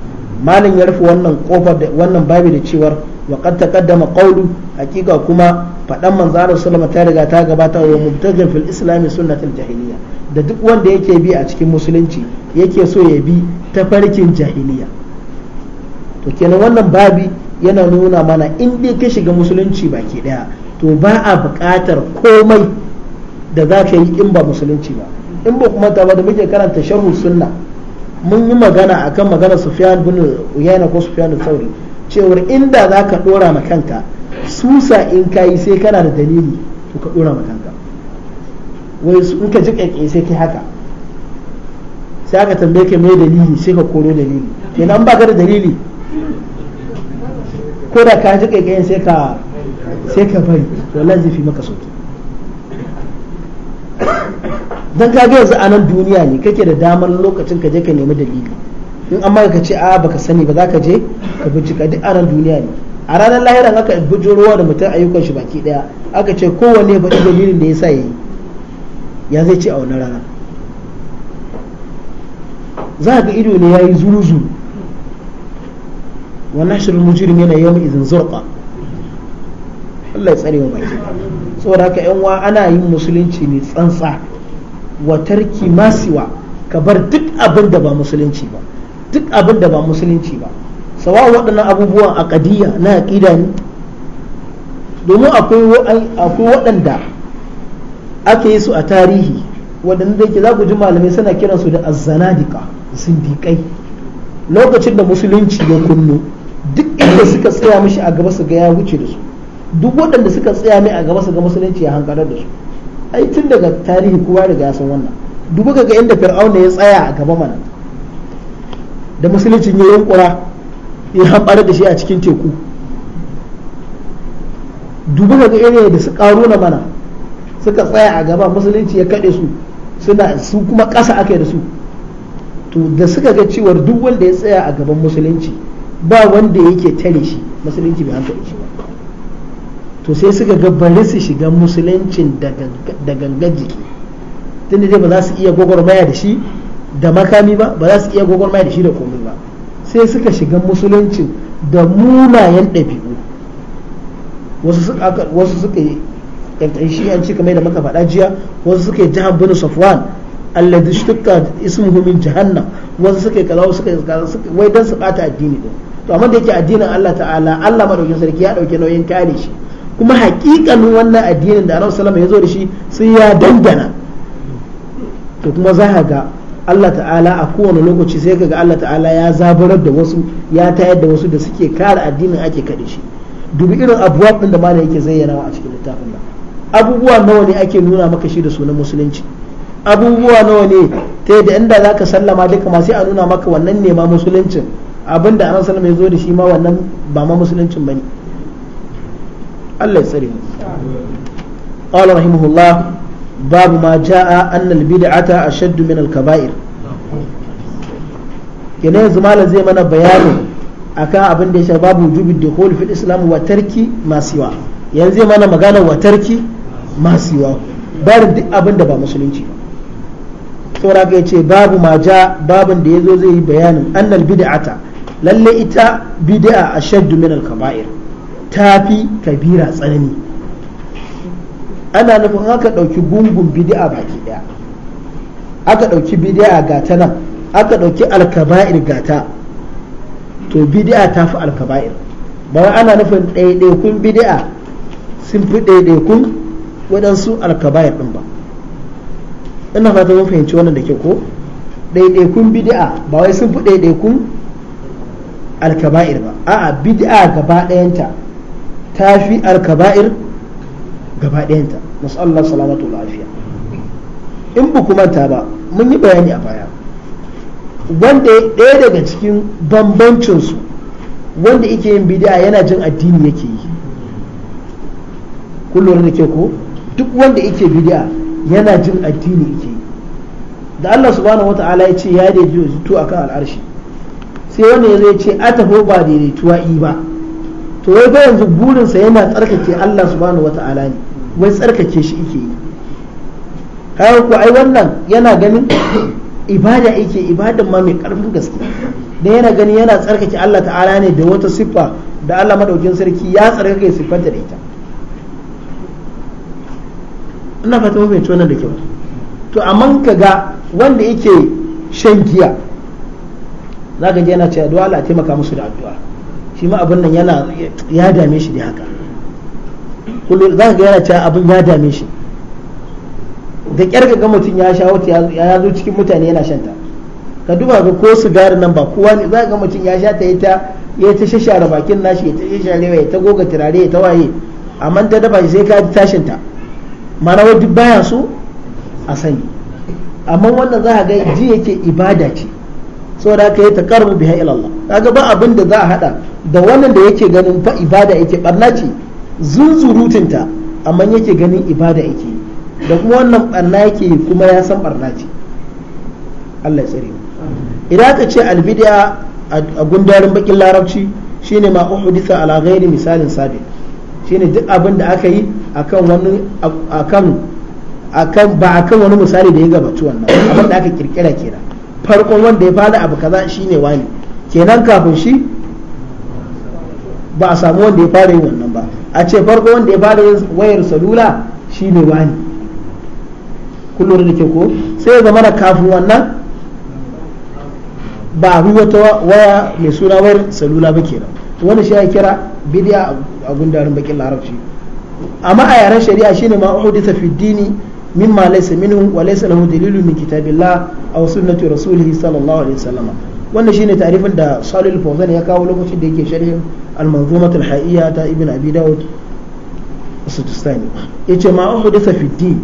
malin ya rufe wannan kofar da wannan babi da cewar wa qad taqaddama qawlu hakika kuma faɗan manzo Allah ta riga ta gabata wa mubtajin fil islam al jahiliya da duk wanda yake bi a cikin musulunci yake so ya bi ta farkin jahiliya to kenan wannan babi yana nuna mana in dai ka shiga musulunci baki daya to ba a buƙatar komai da za ka yi in ba musulunci ba in ba kuma ba da muke karanta sharhu sunna mun yi magana akan magana sufyan bin Uyayna ko sufyan al cewar inda za ka ɗora ma kanka susa in ka yi sai kana da dalili to ka ɗora ma kanka wai in ka ji ƙanƙe sai kai haka sai aka tambaye ka mai dalili sai ka koro dalili kenan ba ka da dalili ko da ka ji ƙanƙe sai ka sai ka bari Allah zai fi maka sauki dan kaga yanzu a nan duniya ne kake da damar lokacin ka je ka nemi dalili in amma ka ce a baka sani ba za ka je ka bincika duk anan duniya ne a ranar lahiran aka ruwa da mutum ayyukan shi baki daya aka ce kowanne baɗi dalilin da ya sa yi ya zai ce a wani rana za ka ido ne ya yi zuluzu wannan shirin mujirin yana yawan izin zurfa Allah ya tsare wa baki saboda haka yan wa ana yin musulunci ne tsantsa wa tarki masiwa ka bar duk abin da ba musulunci ba duk abin da ba musulunci ba sawa waɗannan abubuwan a ƙadiyya na aƙida ne domin akwai waɗanda ake yi su a tarihi waɗanda da ke za ku ji malamai suna kiransu da azzanadika sindikai lokacin da musulunci ya kunno duk inda suka tsaya mishi a gaba su ga ya wuce da su duk waɗanda suka tsaya mai a gaba su ga musulunci ya hankala da su ai tun daga tarihi kowa daga ya san wannan dubu ga inda fir'auna ya tsaya a gaba mana da musuluncin ya kura ya haɓar da shi a cikin teku dubu ga irin da su ƙaro na mana suka tsaya a gaba musulunci ya kaɗe su suna su kuma ƙasa aka da su to da suka ga cewar duk wanda ya tsaya a gaban musulunci ba wanda yake tare shi musulunci bai hankali shi ba to sai suka ga bari su shiga musuluncin da gangan jiki tunda dai ba za su iya gwagwarmaya da shi da makami ba ba za su iya mai da shi da komai ba sai suka shiga musuluncin da munayen ɗabi'u wasu suka yi yankan shi an ci kamai da maka faɗa jiya wasu suka yi jihar bin safwan alladhi shtukka ismuhu min jahannam wasu suka yi kaza suka yi wai dan su bata addini din to amma da yake addinin Allah ta'ala Allah madaukakin sarki ya dauke nauyin kare shi kuma hakikanin wannan addinin da Annabi sallallahu alaihi ya zo da shi sai ya dangana to kuma za ga Allah ta'ala a kowane lokaci sai kaga Allah ta'ala ya zabarar da wasu ya tayar da wasu da suke kare addinin ake kaɗe shi dubi irin abuwa ɗin da malam yake zayyanawa a cikin littafin nan abubuwa nawa ne ake nuna maka shi da sunan musulunci abubuwa nawa ne ta yadda inda za ka sallama duka ma sai a nuna maka wannan ne ma musuluncin abinda anan sallama ya zo da shi ma wannan ba ma musuluncin bane Allah ya tsare mu قال rahimahullah babu ma ja'a annal bid'ata ashaddu min al-kaba'ir kenan yanzu malam zai mana bayani akan abin da ya shafi babu wujubi dukhul fil islam wa tarki ma siwa yanzu zai mana magana wa tarki ma siwa barin duk abin da ba musulunci ba saura ka ce babu ma ja babin da yazo zai yi bayanin annal bid'ata lalle ita bid'a ashaddu min al-kaba'ir tafi kabira tsanani ana nufin aka ɗauki gungun bidi'a baki ɗaya aka ɗauki bidi'a gata nan aka ɗauki alkaba'ir gata to bidi'a ta fi alkaba'ir ba wai ana nufin ɗaiɗaikun bidi'a sun fi ɗaiɗaikun waɗansu alkaba'ir ɗin ba ina fata mun fahimci wannan da ke ko ɗaiɗaikun bidi'a ba wai sun fi ɗaiɗaikun alkaba'ir ba a'a bidi'a gaba ɗayanta ta fi alkaba'ir gaba ɗayanta nasallallahu salamatu lafiya in ba kuma ta ba mun yi bayani a baya wanda ɗaya daga cikin bambancinsu wanda yake yin bidiya yana jin addini yake yi kullum da ke ko duk wanda yake bidiya yana jin addini yake yi da Allah subhanahu wata'ala ya ce ya daidaito akan al'arshi sai wanda ya zai ce tafi ba daidaituwa yi ba to wai ba yanzu burinsa yana tsarkake Allah subhanahu wata'ala ne wai tsarkake shi ike yi kawo ko ai wannan yana ganin ibada ike ibadan ma mai karfin gaske dan yana gani yana tsarkake Allah ta'ala ne da wata siffa da Allah madaukin sarki ya tsarkake siffanta da ita ina fata mafi wannan da kyau to amma kaga wanda yake shan giya zaka yana cewa addu'a Allah taimaka musu da addu'a shi ma abin nan yana ya dame shi da haka kullum za ga yana cewa abin ya dame shi da kyar ga mutum ya sha wata ya zo cikin mutane yana shanta ka duba ga ko sigari nan ba kowa ne za ga mutum ya sha ta ita ya ta shashara bakin nashi ya ta shashare ya ta goga turare ya ta waye amma ta dafa shi sai ka ji tashin ta marawa duk baya so a sani amma wannan za ga ji yake ibada ce saboda yi ta taqarrabu biha ilallah ka ga ba abin da za a hada da wannan da yake ganin fa ibada yake barna ce zunzurutunta amma yake ganin ibada yake da kuma wannan barna yake kuma ya san barna ce Allah ya tsare idan ka ce albidiya a gundarin bakin larabci shine ma uhudisa ala ghairi misalin sabi shine duk abin da aka yi akan wani akan akan ba akan wani misali da ya gabatu wannan abin da aka kirkira kenan farkon wanda ya fada abu kaza shine wani kenan kafin shi ba a samu wanda ya fara yin wannan ba a ce farko wanda ya fara wayar salula shi ne wani kullum da ke ko sai ya zama na kafin wannan ba a wata waya mai suna wayar salula ba kenan wanda shi ya kira bidiya a gundarin bakin larabci amma a yaren shari'a shine ma uhuditha fi dini ma laisa minhu wa laisa lahu dalilun min kitabillah aw sunnati rasulih sallallahu alaihi wasallam wannan shine tarifin da salil fawzan ya kawo lokacin da yake sharhin al-manzumatul hayya ta ibn abi daud sujistani yace ma uhdisa fi din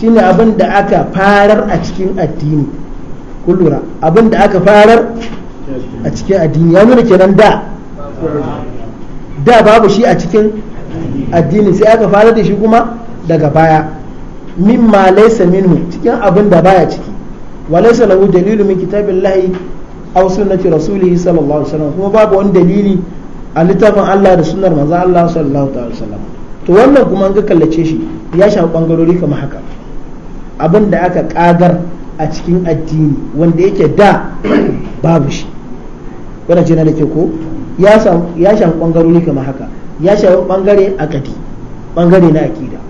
shine abin da aka farar a cikin addini kun lura abin da aka farar a cikin addini ya nuna kenan da da babu shi a cikin addini sai aka farar da shi kuma daga baya mimma laysa minhu cikin abin da baya ciki wa laysa lahu dalilu min kitabillahi aw sunnati rasulih sallallahu alaihi wasallam kuma babu wani dalili a littafin Allah da sunnar manzon Allah sallallahu alaihi wasallam to wannan kuma an ga kallace shi ya shafi bangarori kamar haka abin da aka kagar a cikin addini wanda yake da babu shi wannan ce na da ke ko ya shafi bangarori kamar haka ya shafi bangare akadi bangare na akida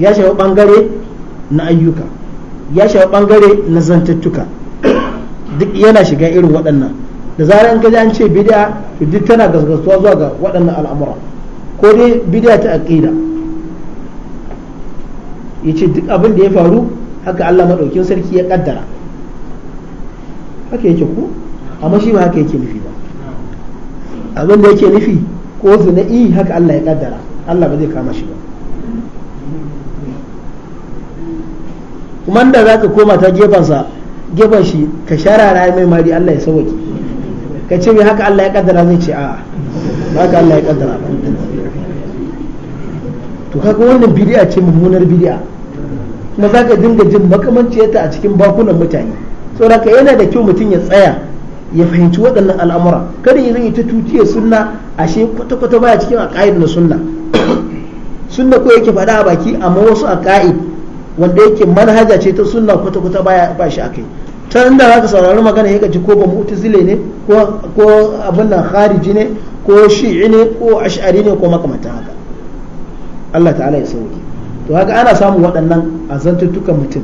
ya shafi bangare na ayyuka ya shafi bangare na zantattuka duk yana shiga irin waɗannan da zarar ka ji an ce bid'a to duk tana gasgasuwa zuwa ga waɗannan al'amura ko dai bid'a ta aqida yace duk abin da ya faru haka Allah madaukin sarki ya kaddara haka yake ko amma shi ba haka yake nufi ba abin da yake nufi ko zina'i haka Allah ya kaddara Allah ba zai kama shi ba kuma da za ka koma ta gefansa gefen shi ka sharara mai mari Allah ya sauke ka ce mai haka Allah ya kaddara zai ce a'a ba Allah ya kaddara ba to kaga wannan bidiya ce mummunar bidiya kuma za ka dinga jin ta a cikin bakunan mutane saboda ka yana da kyau mutum ya tsaya ya fahimci waɗannan al'amura kada ya zai ta tutiyar sunna ashe kwata-kwata baya cikin aqaid na sunna sunna ko yake faɗa a baki amma wasu aqaid wanda yake manhaja ce ta sunna kwata-kwata baya ba shi akai ta inda za ka saurari magana ya gaji ko ba mu'tazile ne ko abin nan khariji ne ko shi'i ne ko ash'ari ne ko makamata haka Allah ta'ala ya sauki to haka ana samun waɗannan a zantuttukan mutum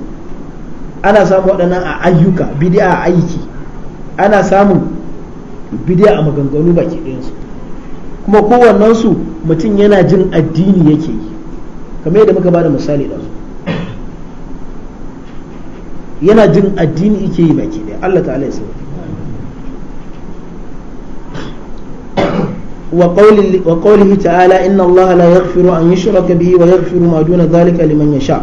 ana samun waɗannan a ayyuka bidi'a a aiki ana samun bidi'a a maganganu baki ɗayansu kuma kowannensu mutum yana jin addini yake yi kamar yadda muka ba da misali ɗansu yana jin addini ke yi baki daya Allah ta alai sauri wa qawlihi ta'ala inna Allah la yaghfiru an yushraka bihi wa yaghfiru ma duna dhalika liman yasha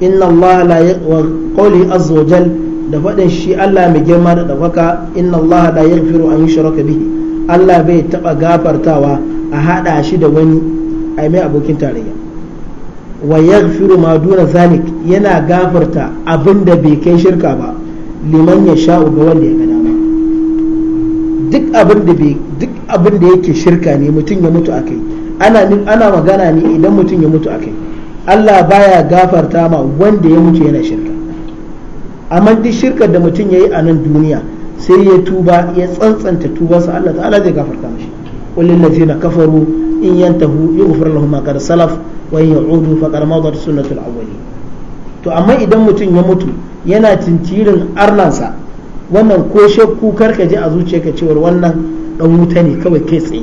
inna Allah la wa qawlihi azza wa jal da fadin shi Allah mai girma da dafaka inna Allah la yaghfiru an yushraka bihi Allah bai taɓa gafartawa a haɗa shi da wani ai abokin tarayya wa yaghfiru ma duna zalik yana gafarta abinda bai kai shirka ba liman ya sha'u ga wanda ya gada ba duk abin da duk abinda yake shirka ne mutum ya mutu akai ana ana magana ne idan mutum ya mutu akai Allah baya gafarta ma wanda ya mutu yana shirka amma duk shirkar da mutum yayi a nan duniya sai ya tuba ya tsantsanta tubarsa Allah ta'ala zai gafarta mishi qul lil kafaru in yantahu yughfir lahum ma qad salaf Wai ya'udu faqad madat sunnatul awwali to amma idan mutum ya mutu yana tintirin arnansa wannan ko shakku karka ji a ka cewar wannan dan wuta ne kawai kai tsaye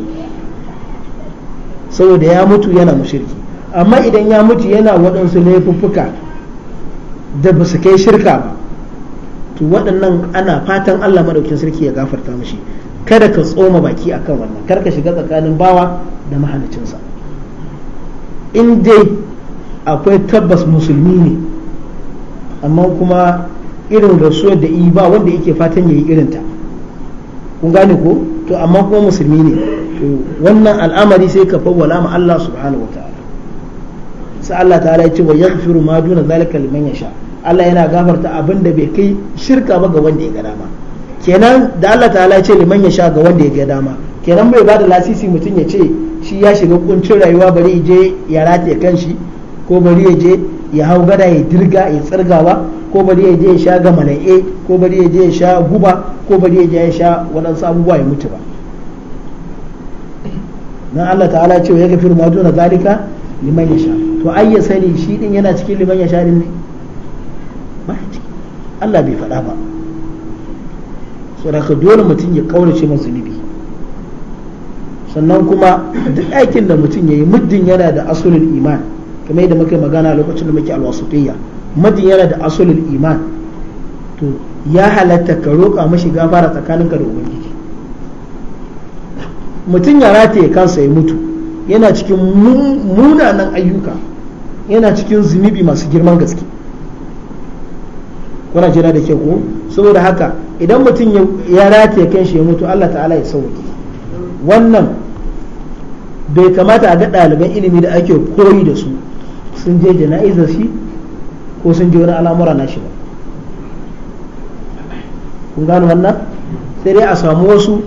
saboda ya mutu yana mushriki amma idan ya mutu yana waɗansu laifuffuka da ba su kai shirka ba to waɗannan ana fatan Allah maɗaukin sarki ya gafarta mishi kada ka tsoma baki akan wannan kar ka shiga tsakanin bawa da mahalicinsa in dai akwai tabbas musulmi ne amma kuma irin rasuwar da ba wanda yake fatan ya yi irinta kun gane ko to amma kuma musulmi ne wannan al'amari sai ka fawwala ma Allah subhanahu wa ta'ala sai Allah ta'ala ya ce wa yaghfiru ma duna zalika liman yasha Allah yana gafarta abin da bai kai shirka ba ga wanda ya ga dama kenan da Allah ta'ala ya ce liman yasha ga wanda ya ga dama kenan bai bada lasisi mutum ya ce shi ya shiga kuncin rayuwa bari ya je ya rataye kanshi ko bari ya je ya hau gada ya dirga ya tsirgawa ko bari ya je ya sha gamala'e ko bari ya je ya sha guba ko bari ya je ya sha waɗansu abubuwa ya mutu ba nan Allah ta'ala ce ya gafiru ma duna zalika liman yasha to ai ya sani shi din yana cikin liman yasha din ne ba Allah bai faɗa ba sura da dole mutum ya kaurace masa zunubi sannan kuma duk aikin da mutum ya yi muddin yana da asulul iman kamar yadda muka magana lokacin da muke alwasutiyya muddin yana da asulul iman to ya halatta ka roƙa mashi gafara ka da ubangiji mutum ya rataye kansa ya mutu yana cikin munanan ayyuka yana cikin zunubi masu girman gaske kuna jira da ke ko saboda haka idan mutum ya rataye kanshi ya mutu Allah ta'ala ya sauke wannan bai kamata a ga ɗaliban ilimi da ake koyi da su sun je jana'izar shi ko sun je wani al'amura na shi ba kun gano wannan sai dai a samu wasu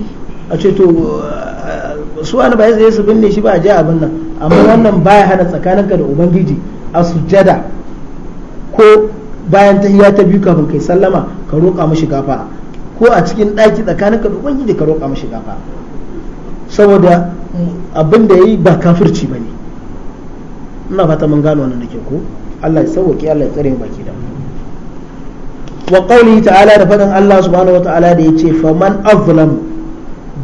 a ce to uh, su wani ba zai su binne shi ba a je abin nan amma wannan baya hana tsakaninka da ubangiji a sujada ko bayan ta tahiyya ta biyu kafin kai sallama ka roƙa mashi gafara ko a cikin ɗaki tsakaninka da ubangiji ka roƙa mashi gafara saboda abin da yi ba kafirci ne ina fata mun gano wannan nake ko Allah ya sauke Allah ya tsare baki da wa qawlihi ta'ala da fadan Allah subhanahu wa ta'ala da yace faman azlam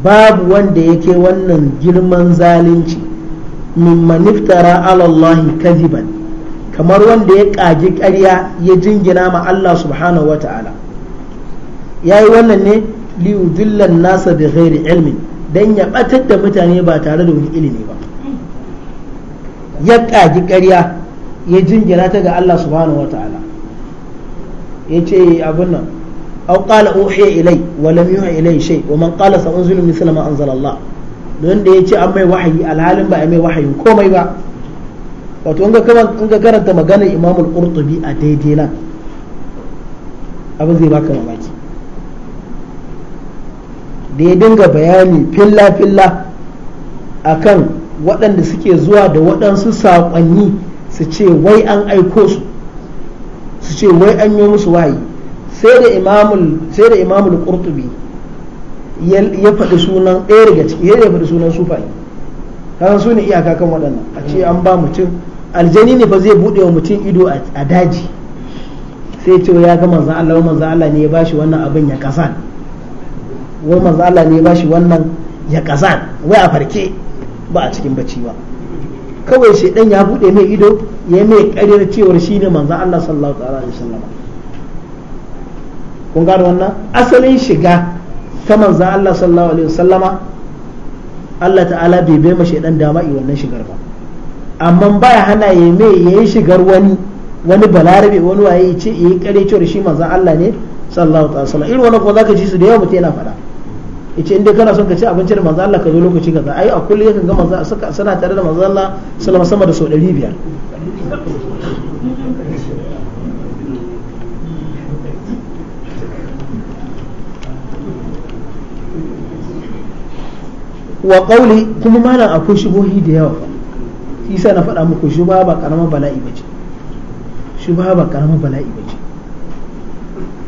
babu wanda yake wannan girman zalunci mimman maniftara ala Allah kadhiban kamar wanda ya kage ƙarya ya jingina ma Allah subhanahu wa ta'ala yayi wannan ne an nasa bi ghairi ilmin don ya batar da mutane ba tare da wani ilimi ba ya ƙagi ƙarya ya jingina ta ga Allah subhanahu wata'ala ya ce abin nan au qala uhiya ilai wa lam yuha ilai shay wa man qala sa unzilu misla ma anzala Allah don da yace an mai wahayi alhalin ba a mai wahayin komai ba wato in ga karanta maganar Imam al-Qurtubi a daidai nan abin zai baka mamaki da ya dinga bayani filla-filla a kan waɗanda suke zuwa da waɗansu saƙonni su ce wai an aiko su su ce wai an yi musu wayi sai da imamul ƙurtubi ya faɗi sunan ɗaya daga ciki ya faɗi sunan sufai kan su ne iyaka kan waɗannan a ce an ba mutum aljani ne fa zai buɗe wa mutum ido a daji sai ce ya ga manzan Allah manzan Allah ne ya bashi wannan abin ya kasa wai manzo Allah ne ya bashi wannan ya kazan wai a farke ba a cikin bacci ba kawai shi dan ya bude mai ido ya mai karyar cewar shine manzo Allah sallallahu alaihi wasallam kun gano wannan asalin shiga ta manzo Allah sallallahu alaihi wasallam Allah ta'ala bai bai mashi dan dama i wannan shigar ba amma ba ya hana ya mai yi shigar wani wani balarabe wani waye ya ce yayi kare cewar shi manzo Allah ne sallallahu alaihi wasallam irin wannan ko zaka ji su da yawa mutum yana faɗa ita inda kana son ka ci abinci da manzo Allah ka zo lokaci kaza ai a kullu yakan ga manzo suka sana tare da manzo Allah sallama sama da so 500 wa qawli kuma malam akwai shubohi da yawa isa na faɗa muku shubha ba karamar bala'i bace shubha ba karamar bala'i bace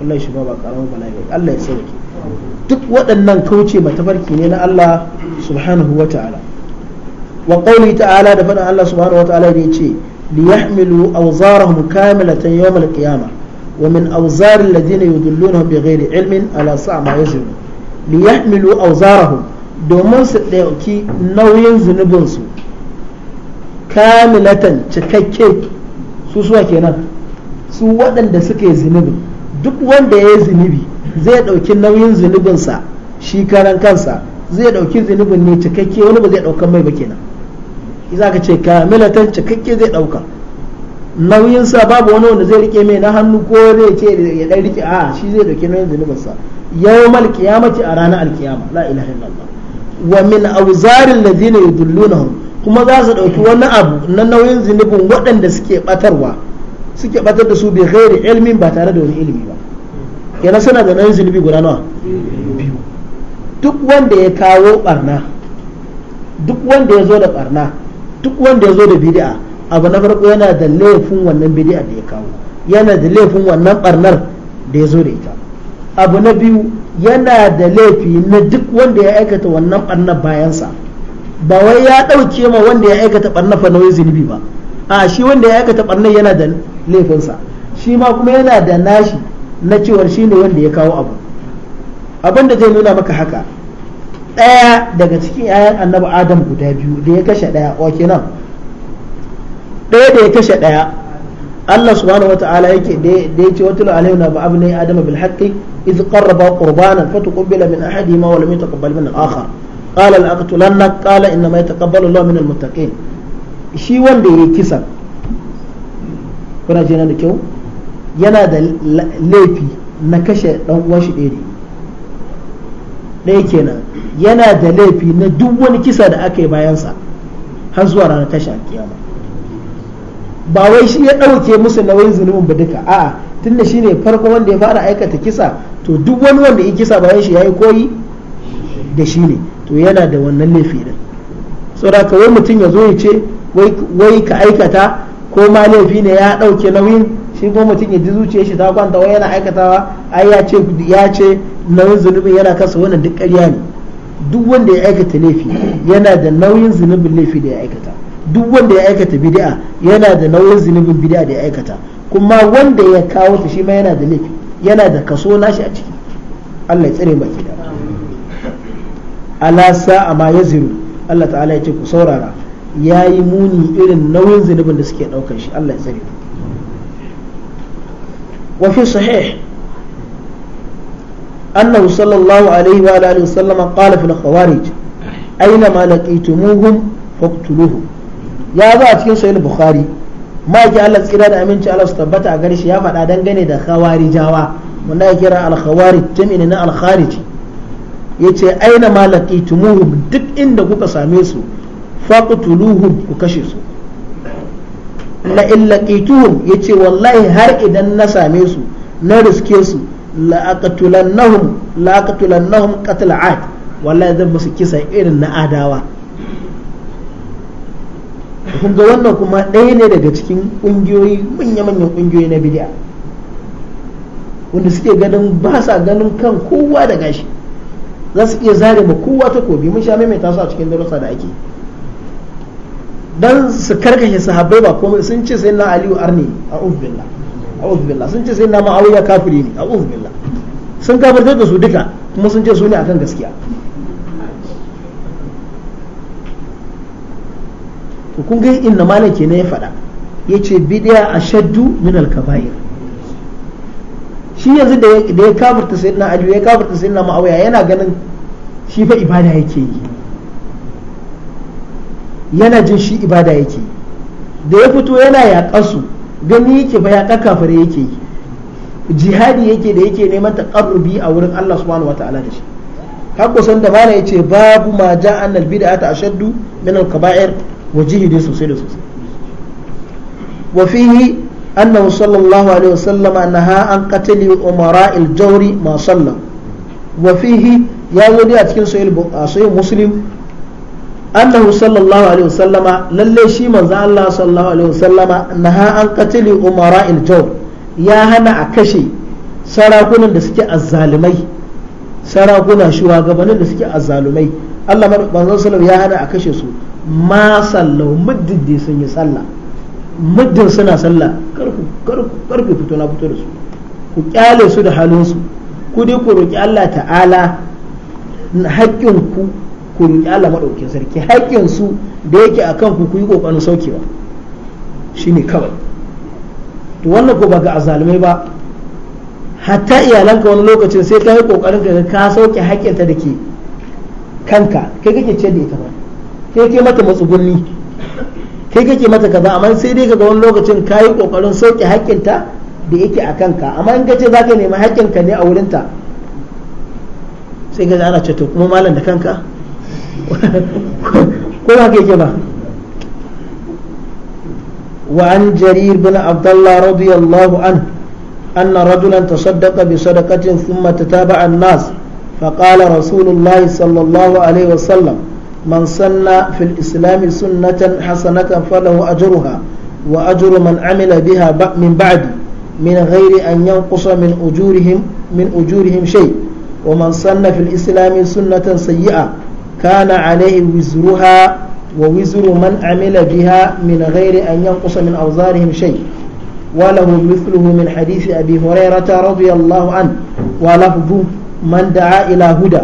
wallahi shubha ba karamar bala'i bace Allah ya sauke duk waɗannan kauce matafarki ne na Allah subhanahu wa ta'ala wa qawli ta'ala da faɗin Allah subhanahu wa ta'ala da yace li yahmilu awzarahum kamilatan yawm al-qiyamah wa min awzar alladhina yudillunahum bighairi ilmin ala sa'a ma yazun li yahmilu awzarahum domin su ɗauki nauyin zunubinsu kamilatan cikakke su suwa kenan su waɗanda suke zunubi duk wanda ya yi zunubi zai ɗauki nauyin zunubinsa shi karan kansa zai ɗauki zunubin ne cikakke wani ba zai ɗauka mai ba kenan za ka ce kamilatan cikakke zai ɗauka nauyinsa babu wani wanda zai rike mai na hannu ko zai ce ya ɗan rike a shi zai ɗauki nauyin zunubinsa yau malkiyamaci a ranar alkiyama la ilaha illallah wa min auzarin ladina yudullunahum kuma za su ɗauki wani abu na nauyin zunubin waɗanda suke ɓatarwa suke ɓatar da su bi ghairi ilmin ba tare da wani ilimi ba kenan suna da nan zunubi guda nawa duk wanda ya kawo barna duk wanda ya zo da barna duk wanda ya zo da bid'a abu na farko yana da laifin wannan bid'a da ya kawo yana da laifin wannan barnar da ya zo da ita abu na biyu yana da laifi na duk wanda ya aikata wannan barnar bayansa ba wai ya ɗauke ma wanda ya aikata barnar fa nauyin zunubi ba a shi wanda ya aikata barnar yana da laifinsa shi ma kuma yana da nashi na cewar ne wanda ya kawo abu abin da zai nuna maka haka ɗaya daga cikin 'ya'yan annabi adam guda biyu da ya kashe ɗaya o kenan ɗaya da ya kashe ɗaya Allah subhanahu wata'ala yake da ya ce wata la'alai alaihi na ba'ab ne adama bil haqqi iz qarraba qurbanan fatuqbila min ahadihima wa lam yataqabbal min al-akhar qala al-aqtulanna qala inna ma yataqabbalu Allah min al-muttaqin shi wanda ya kisan. kuna jina da kyau yana da laifi na kashe dan uwanshi shi ɗaya ɗaya kenan yana da laifi na duk wani kisa da aka yi bayansa har zuwa ranar tashi kiyama ba wai shi ya ɗauke musu nauyin zunubin ba duka a'a tunda shi ne farko wanda ya fara aikata kisa to duk wani wanda ya kisa bayan shi ya yi koyi da shi ne to yana da wannan laifi din saboda ka wai mutum ya zo ya ce wai ka aikata ko ma laifi ne ya ɗauke nauyin shi ko mutum ya ji shi ta kwanta wai yana aikatawa ai ya ce ya ce nauyin zunubin yana kasa wannan duk ƙarya ne duk wanda ya aikata laifi yana da nauyin zunubin laifi da ya aikata duk wanda ya aikata bid'a yana da nauyin zunubin bid'a da ya aikata kuma wanda ya kawo ta shi ma yana da laifi yana da kaso nashi a ciki Allah ya tsare baki da alasa amma ya yaziru Allah ta'ala ya ce ku saurara yayi muni irin nauyin zunubin da suke daukar shi Allah ya tsare ku وفي صحيح أنه صلى الله عليه وآله وسلم قال في الخوارج أينما لقيتموهم فاقتلوهم يا ذا أتكين صحيح البخاري ما يجي الله تكرا دا أمين تعالى استبتع قريش يا فتا دنغني دا خواري جاوا ونا يكرا الخوارج تمننا الخارج يتي أينما لقيتموهم دك إن دا كوكا ساميسو فاقتلوهم كوكشيسو la ya ce wallahi har idan na same su na riske su la aqtulannahum la aqtulannahum qatl wallahi zan musu kisa irin na adawa kun ga wannan kuma ɗaya ne daga cikin ƙungiyoyi manya-manyan ƙungiyoyi na bidiya wanda suke ganin ba sa ganin kan kowa da gashi za su iya zare ma kowa ta kobi mun sha maimaita su a cikin darussa da ake yi dan su karkashe sahabbai ba komai sun ce sai na aliyu arni a billah a billah sun ce sai na ma'awiya kafiri ne a billah sun kafirtar da su duka kuma sun ce su ne akan gaskiya to kun ga inna malam kenan ya faɗa yace bid'a ashaddu min al-kaba'ir shi yanzu da ya kafirta sayyidina aliyu ya kafirta sayyidina ma'awiya yana ganin shi fa ibada yake yi yana jin shi ibada yake da ya fito yana yaƙa su gani yake ba yaƙa kafare yake yi jihadi yake da yake neman taqarrubi a wurin Allah subhanahu Ta'ala da shi hakko san da mala yace babu ma ja'a annal bid'ata ashaddu min al kaba'ir wa jihadi sosai da sosai wa fihi annahu sallallahu alaihi wasallam annaha an qatali umara al jawri ma salla wa fihi ya zo a cikin sahih muslim annahu sallallahu alaihi wasallama lalle shi manzo Allah sallallahu alaihi wasallama naha an qatili umara il ya hana a kashe sarakunan da suke azzalumai sarakuna shugabannin da suke azzalumai Allah manzo sallallahu ya hana a kashe su ma sallau muddin da sun yi sallah muddin suna sallah karku fito na fito da su ku kyale su da halin su ku dai ku roki Allah ta'ala hakkin ku ku roƙi Allah maɗaukin sarki haƙƙin su da yake a kan ku yi ƙoƙarin saukewa shine kawai to wannan ko ba ga azalumai ba hatta iyalanka wani lokacin sai ka yi ƙoƙarin ka ka sauke haƙƙinta da ke kanka kai kake ce da ita ba kai ke mata matsugunni kai kake mata kaza amma sai dai kaga wani lokacin ka yi ƙoƙarin sauke haƙƙinta da yake a kanka amma in ka ce za ka nemi haƙƙinka ne a wurinta sai ka ana ce to kuma malam da kanka ko ba ke ba وعن جرير بن عبد الله رضي الله عنه أن رجلا تصدق بصدقة ثم تتابع الناس فقال رسول الله صلى الله عليه وسلم من سن في الإسلام سنة حسنة فله أجرها وأجر من عمل بها من بعد من غير أن ينقص من أجورهم من أجورهم شيء ومن سن في الإسلام سنة سيئة كان عليه وزرها ووزر من عمل بها من غير أن ينقص من أوزارهم شيء وله مثله من حديث أبي هريرة رضي الله عنه ولفظ من دعا إلى هدى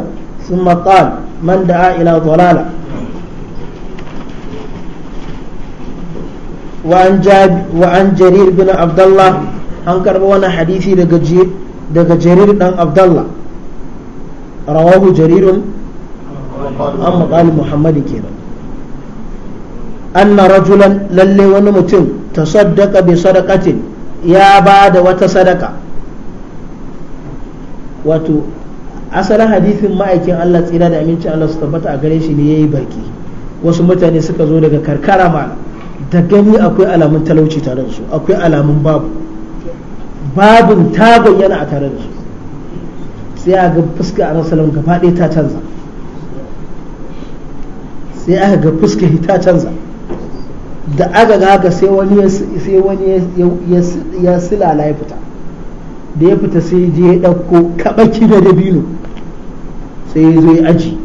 ثم قال من دعا إلى ضلالة وعن, جاب وعن جرير بن عبد الله أنكر وانا حديثي دقى جرير بن عبد الله رواه جرير an maƙali muhammadi kenan anna rajulan lalle wani mutum ta saddaka bi sadakatin ya ba da wata sadaka wato asalin hadithin ma'aikin allah tsira da amincin allah su tabbata a gare shi ne ya yi barki wasu mutane suka zo daga karkara ma da gani akwai alamun talauci tare da su akwai alamun babu babin tagon yana a tare da su sai a ga fuska a rasalin gaba ɗaya ta canza sai aka ga fuska ta canza da aka ga haka sai wani ya silala ya fita da ya fita sai je ya ɗauko kaɓaki da dabino sai ya zo ya aji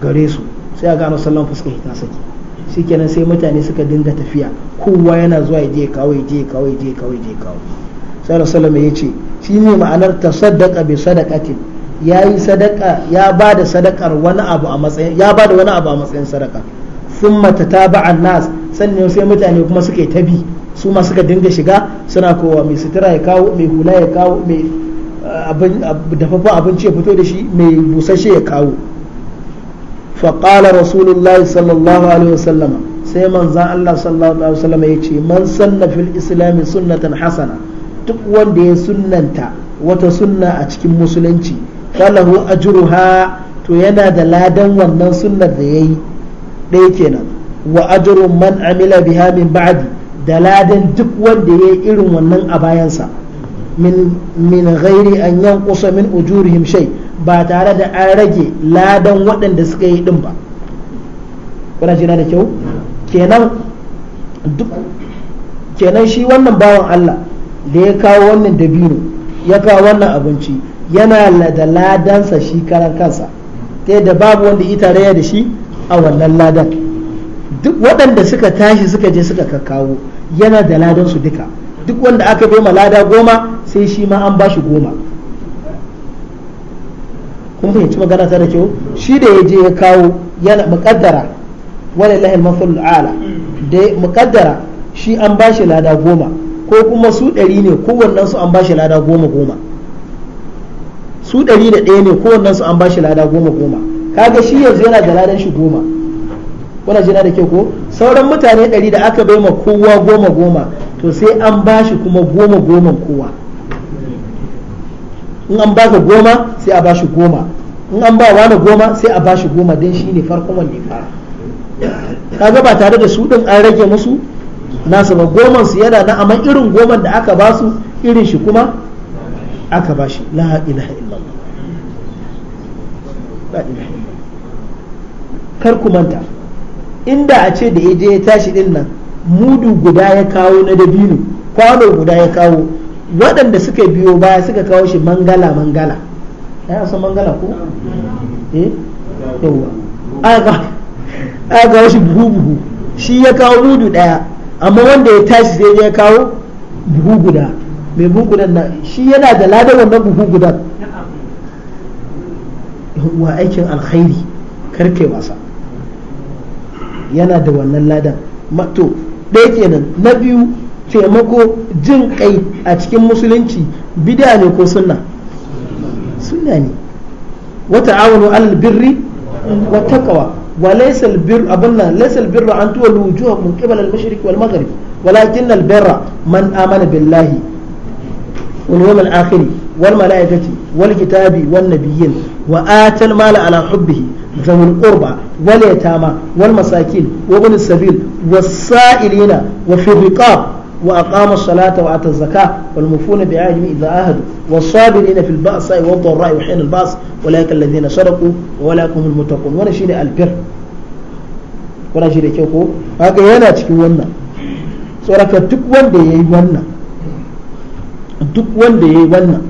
gare su sai a gano sallon fuska ta saki shikenan sai mutane suka dinga tafiya kowa yana zuwa ya je kawo ya je kawo ya je kawo ya je kawo sai sallallahu ya ce ne ma'anar bai bi sadaqatin ya yi sadaka ya ba da sadakar wani abu a matsayin ya ba da wani abu a matsayin sadaka sun mata ta ba nas sannan sai mutane kuma suka yi tabi su ma suka dinga shiga suna kowa mai sutura ya kawo mai hula ya kawo mai eh, dafaffen abinci ya fito da shi mai busashe ya kawo faƙala rasulullah sallallahu alaihi wasallam sai manzan allah sallallahu alaihi wasallam ya ce man sanna fil islami sunnatan hasana duk wanda ya sunnanta wata sunna a cikin musulunci falahu ajruha to yana da ladan wannan sunnar da yayi ɗaya kenan wa ajru man amila biha min ba'di da ladan duk wanda yayi irin wannan a bayansa min min ghairi an yanqusa min ujurihim shay ba tare da an rage ladan waɗanda suka yi din ba kuna jina da kyau kenan duk kenan shi wannan bawan Allah da ya kawo wannan dabino ya kawo wannan abinci yana da ladansa shi karan kansa ta yadda babu wanda ita raya da shi a wannan ladan duk waɗanda suka tashi suka je suka kakkawo yana da ladansu duka duk wanda aka bai lada goma sai shi ma an ba shi goma kun fahimci magana ta da kyau shi da ya je ya kawo yana muƙaddara wani lahil mafulul ala da muƙaddara shi an ba shi lada goma ko kuma su ɗari ne kowannensu an ba shi lada goma goma su ɗari da ɗaya ne su an ba shi lada goma goma kaga shi yanzu yana da ladan shi goma kuna jina da ke ko sauran mutane ɗari da aka bai ma kowa goma goma to sai an ba shi kuma goma goma kowa in an baka goma sai a ba shi goma in an ba wani goma sai a ba shi goma don shi ne farkon wanda ya fara kaga ba tare da su ɗin an rage musu nasu ba goman su yana na amma irin goman da aka ba su irin shi kuma aka bashi shi ilaha illallah la ilaha illallah kar ku manta inda a ce da ya je ya tashi din nan mudu guda ya kawo na dabino kwano guda ya kawo waɗanda suka biyo baya suka kawo shi mangala mangala ya san mangala ko eh yawa aka aka shi buhu buhu shi ya kawo mudu daya amma wanda ya tashi sai ya kawo buhu guda mai bugunan na shi yana da ladar wannan buhu guda wa aikin alkhairi karkai wasa yana da wannan ladan to ɗaya kenan na biyu taimako jin kai a cikin musulunci bid'a ne ko sunna sunna ne wata awonu alal birri wa taqwa wa laisal bir birru abunna laisal al birru an tuwallu wujuhakum min qibal al mashriq wal maghrib walakin al birra man amana billahi واليوم الآخر والملائكة والكتاب والنبيين وآتى المال على حبه ذوي القربى واليتامى والمساكين وابن السبيل والسائلين وفي الرقاب وأقام الصلاة وآتى الزكاة والموفون بعهدهم إذا عاهدوا والصابرين في البأساء والضراء وحين البأس أولئك الذين صدقوا وأولئك هم المتقون وأنا شيء البر وأنا شيء كيكو هكذا أنا تكون wannan sauraka duk wanda ya yi wannan duk wanda ya yi wannan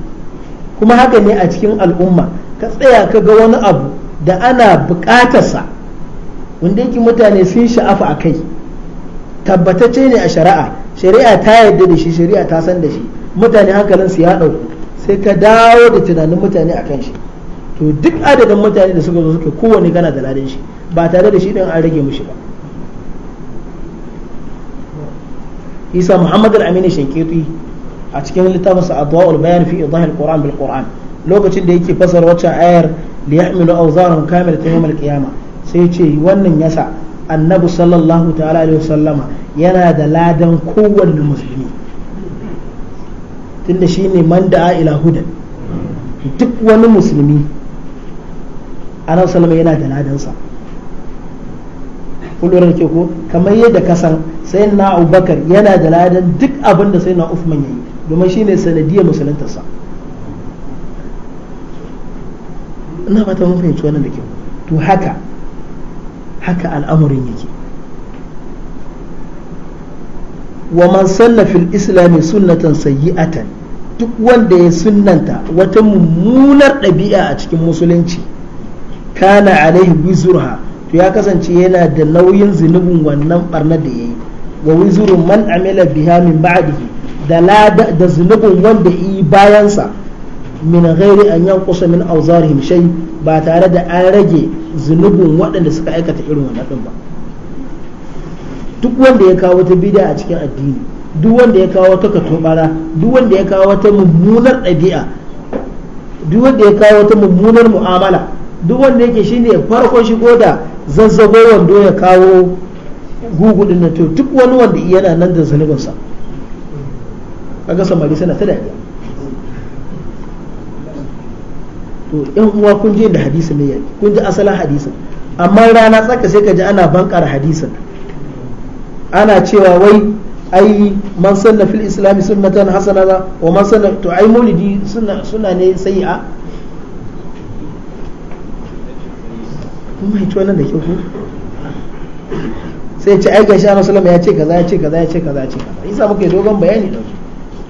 kuma haka ne a cikin al'umma ka tsaya ka ga wani abu da ana buƙatarsa wanda yake mutane sun sha'afa a kai tabbatacce ne a shari'a shari'a ta yarda da shi shari'a ta san da shi mutane hankalinsu ya ɗauku sai ka dawo da tunanin mutane a kan shi to duk adadin mutane da suka zo suke kowane kana da ladin shi ba tare da shi ɗin an rage mushi ba isa muhammad al-amini shankiti a cikin littafinsa adwa'ul bayan fi idahil qur'an bil qur'an lokacin da yake fasar wacce ayar li yahmilu awzarahum kamilatan yawm al qiyamah sai ce wannan yasa annabi sallallahu ta'ala alaihi wasallama yana da ladan kowanne musulmi tunda shine man da'a ila hudan duk wani musulmi annabi sallallahu yana da ladansa kullum ke ko kamar yadda kasan sai na abubakar yana da ladan duk abin da sai na usman ya domin ne sanadiyar musuluntarsa ina ba ta fahimci wannan da kyau to haka haka al'amarin yake wa man sanna fil islami sunnatan sayyi'atan duk wanda ya sunnanta wata mummunar ɗabi'a a cikin musulunci kana alaihi wizurha to ya kasance yana da nauyin zunubin wannan barnar da yayi wa wizurun man amila biha min ba'dihi da zunubin wanda yi bayansa min gairi an kusa min awzarihim shai ba tare da an rage zunubin waɗanda suka aikata irin wannan din ba duk wanda ya kawo ta bid'a a cikin addini duk wanda ya kawo ta katobara duk wanda ya kawo ta mummunar ɗabi'a duk wanda ya kawo ta mummunar mu'amala duk wanda yake shine farkon shigo da zazzago wando ya kawo gugu na to duk wani wanda yana nan da zunubinsa sa kaga samari suna ta dariya to yan uwa kun je da hadisin ne yaki kun ji asalin hadisin amma rana tsaka sai ka ji ana bankar hadisin ana cewa wai ai man sanna fil islam sunnatan hasana wa man sanna to ai maulidi sunna sunna ne sai a kuma hito nan da kyau ko sai ce ai gashi a ya ce kaza ya ce kaza ya ce kaza ya ce kaza yasa muke dogon bayani da su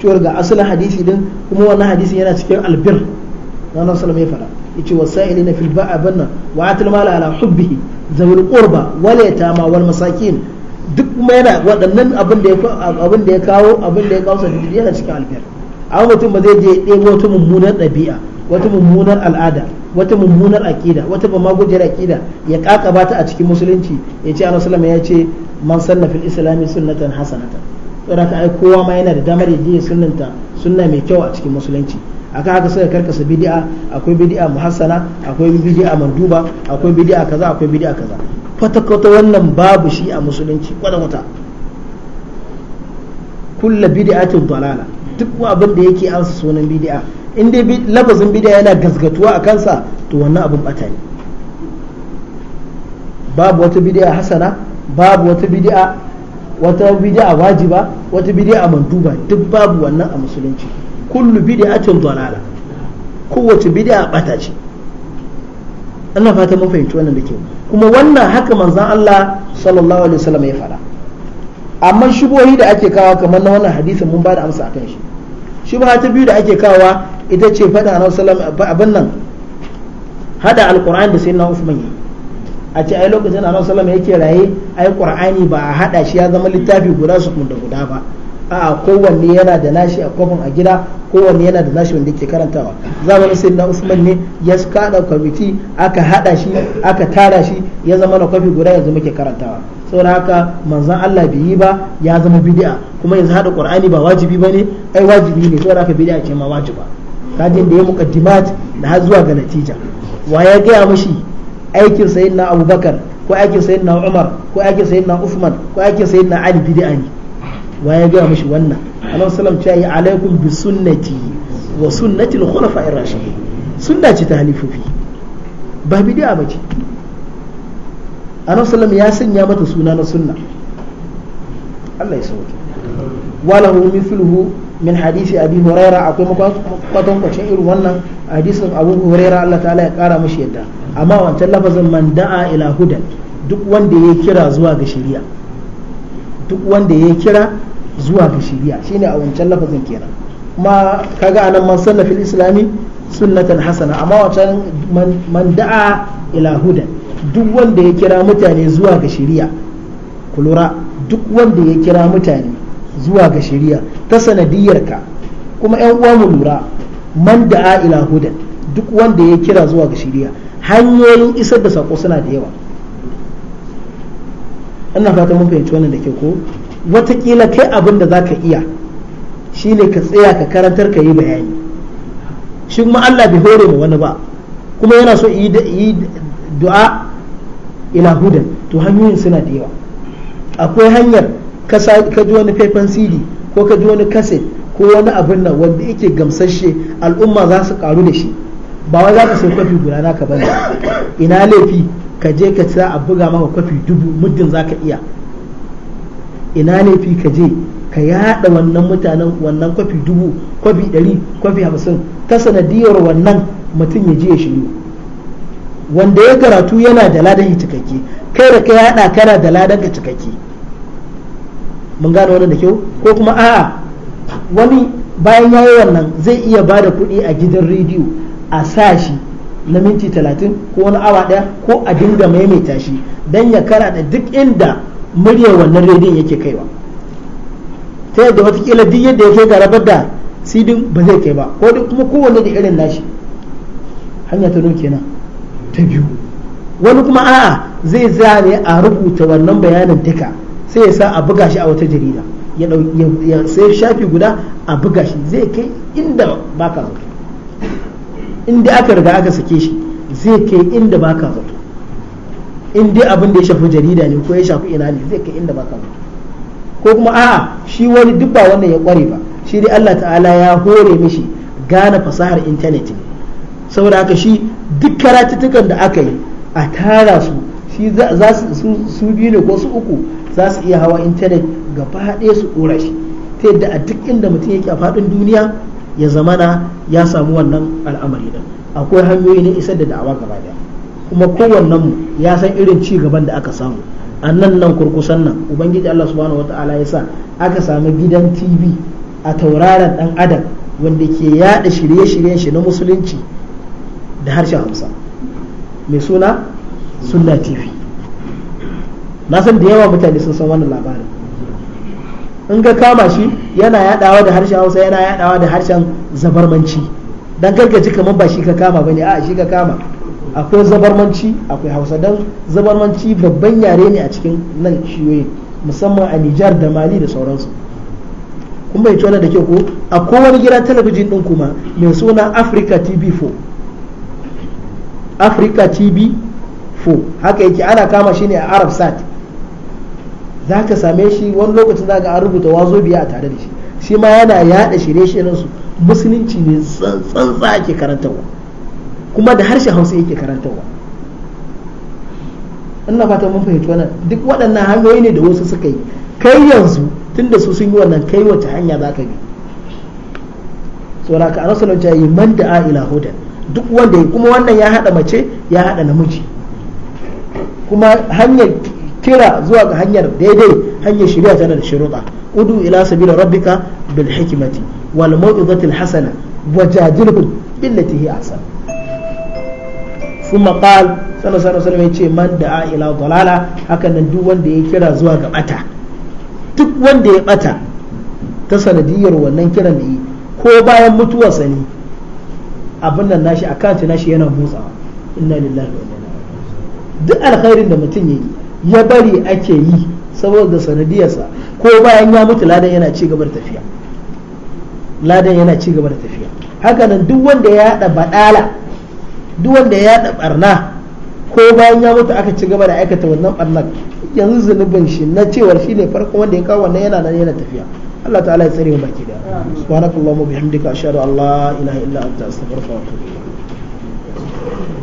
cewar ga asalin hadisi din kuma wannan hadisin yana cikin albir na nan salama ya ce wasu wasa'ili na a ba'a banna wa atil mala ala hubbihi zawil qurba wal yatama wal masakin duk kuma yana waɗannan abin da ya abin da ya kawo abin da ya kawo sadidi yana cikin albir amma mutum ba zai je ɗebo wata mummunar ɗabi'a wata mummunar al'ada wata mummunar aƙida wata ba magujiyar aƙida ya kakaba a cikin musulunci ya ce annabi sallallahu ya ce man sanna fil islami sunnatan hasanatan saboda ai kowa ma yana da damar ya sunnanta sunna mai kyau a cikin musulunci aka haka suka karkasa bid'a akwai bid'a muhassana akwai bid'a manduba akwai bid'a kaza akwai bid'a kaza kwata kwata wannan babu shi a musulunci kwata kwata kullu bid'atin dalala duk abin da yake ansa sunan bid'a in dai lafazin bid'a yana gasgatuwa a kansa to wannan abin bata ne babu wata bid'a hasana babu wata bid'a wata bid'a wajiba wata bid'a manduba duk babu wannan a musulunci kullu bid'atin dalala kowace bid'a bata ce ina fata mun fahimci wannan da kyau kuma wannan haka manzon Allah sallallahu alaihi wasallam ya fara amma shubohi da ake kawo kamar na wannan hadisin mun ba da amsa akan shi shubha ta biyu da ake kawo ita ce fada annabi sallallahu alaihi wasallam abin nan hada alquran da sayyidina usman yi a ce ai lokacin da sallama yake raye ai qur'ani ba a haɗa shi ya zama littafi guda su kun da guda ba a'a kowanne yana da nashi a kofin a gida kowanne yana da nashi wanda yake karantawa zamanin sayyidina usman ne ya kada kwamiti aka haɗa shi aka tara shi ya zama na kwafi guda yanzu muke karantawa saboda haka manzon Allah bai yi ba ya zama bid'a kuma yanzu haɗa qur'ani ba wajibi bane ai wajibi ne saboda haka bid'a ce ma wajiba kajin da ya muqaddimat da har zuwa ga natija wa ya gaya mishi aikin sayin na abubakar ko aikin sayin na umar ko aikin sayin na usman ko aikin sayin na ali bidi ani wa ya gaya mashi wannan annabi sallam ce yi alaikum bi sunnati wa sunnati al khulafa ar rashidin sunna ce ta halifofi ba bid'a bace annabi sallam ya sanya mata suna na sunna Allah ya sauke walahu mithluhu min hadisi abi huraira akwai makwatan kwacin irin wannan hadisin abu huraira Allah ta'ala ya kara mashi yadda amma wancan lafazin man da'a ila hudan duk wanda ya kira zuwa ga shari'a duk wanda ya kira zuwa ga shari'a shine a wancan lafazin kenan kuma kaga anan man sanna fil islami sunnatan hasana amma wancan man da'a ila hudan duk wanda ya kira mutane zuwa ga shari'a kulura duk wanda ya kira mutane zuwa ga shari'a ta ka kuma yan uwa mu lura man a ila hudan duk wanda ya kira zuwa ga shari'a hanyoyin isar da sako suna da yawa ina fata mun fahimci wannan da ke ko watakila kai abin da zaka iya shine ka tsaya ka karantar ka yi bayani shi kuma Allah bai hore mu wani ba kuma yana so yi du'a ila hudan to hanyoyin suna da yawa akwai hanyar ka ji wani faifan siri ko ka ji wani kaset ko wani abin nan wanda yake gamsashe al'umma za su karu da shi ba wai za ka sai kwafi guda naka bane ina laifi ka je ka ci a buga maka kwafi dubu muddin za ka iya ina laifi ka je ka yada wannan mutanen wannan kwafi dubu kwafi ɗari kwafi hamsin ta sanadiyar wannan mutum ya je ya shiryu wanda ya karatu yana da ladan cikakke kai da ka yada kana da ladan ka cikakke mun gane wannan da kyau ko kuma a'a wani bayan yayi wannan zai iya ba da kuɗi a gidan rediyo a sa shi na minti talatin ko wani awa ɗaya ko a dinga maimaita shi don ya kara da duk inda muryar wannan rediyon yake kaiwa ta yadda watakila duk yadda yake garabar da sidin ba zai kai ba ko kuma kowane da irin nashi hanya ta kenan ta biyu wani kuma a'a zai zane a rubuta wannan bayanin duka sai ya sa a buga shi a wata jarida ya sai shafi guda a buga shi zai kai inda ba ka zato inda aka riga aka sake shi zai kai inda ba ka zato inda abin da ya shafi jarida ne ko ya shafi ina ne zai kai inda ba ka zato ko kuma a'a shi wani duk ba wannan ya kware ba shi dai Allah ta'ala ya hore mishi gane fasahar intanet ne saboda haka shi duk karatutukan da aka yi a tara su shi za su biyu ne ko su uku za su iya hawa intanet ga ɗaya su ɗora shi ta yadda a duk inda mutum yake a faɗin duniya ya zamana ya samu wannan al'amari din akwai hanyoyi na isar da da'awa gaba ɗaya kuma kowannen mu ya san irin ci gaban da aka samu a nan nan kurkusan nan ubangiji Allah subhanahu wataala ya sa aka samu gidan TV a tauraron dan adam wanda ke yada shirye-shiryen shi na musulunci da harshen Hausa mai suna sunna tv na san da yawa mutane sun san wannan labarin in ga kama shi yana yadawa da harshen hausa yana yaɗawa da harshen zabarmanci dan ji kamar ba shi ka kama bane a shi ka kama akwai zabarmanci akwai hausa dan zabarmanci babban yare ne a cikin nan shiyoyi musamman a Nijar da Mali da sauransu kun bai tona da ke ko a kowane gidan talabijin din kuma mai suna Africa TV4 Africa TV fu haka yake ana kama shi ne a arab sat za ka same shi wani lokacin za ka an rubuta wazo biya a tare da shi shi ma yana yada shirye-shiryen su musulunci ne tsantsa ake karantarwa kuma da harshen hausa yake karantarwa ina fata mun fahimci wannan duk waɗannan hanyoyi ne da wasu suka yi kai yanzu tunda su sun yi wannan kai wace hanya za ka bi saboda a rasulun jayi man da'a ila hudan duk wanda ya kuma wannan ya haɗa mace ya haɗa namiji kuma hanyar kira zuwa ga hanyar daidai hanyar shirya tana da shiruta udu ila sabila rabbika bil hikmati wal mau'izatil hasana wajadilhum billati hi ahsan kuma qal sallallahu alaihi wasallam yace man da'a ila dalala hakan nan duk wanda ya kira zuwa ga bata duk wanda ya bata ta sanadiyar wannan kiran da ko bayan mutuwarsa Sani abin nan nashi akanti nashi yana motsawa inna lillahi wa inna duk alkhairin da mutum ya yi ya bari ake yi saboda sanadiyarsa ko bayan ya mutu ladan yana ci gaba da tafiya ladan yana ci gaba da tafiya hakanan duk wanda ya da badala duk wanda ya da barna ko bayan ya mutu aka ci gaba da aikata wannan barnar yanzu zunubin shi na cewar shi ne farko wanda ya kawo wannan yana nan yana tafiya Allah ta'ala ya tsare mu baki da subhanakallahumma bihamdika ashhadu an la ilaha illa anta astaghfiruka wa atubu ilayk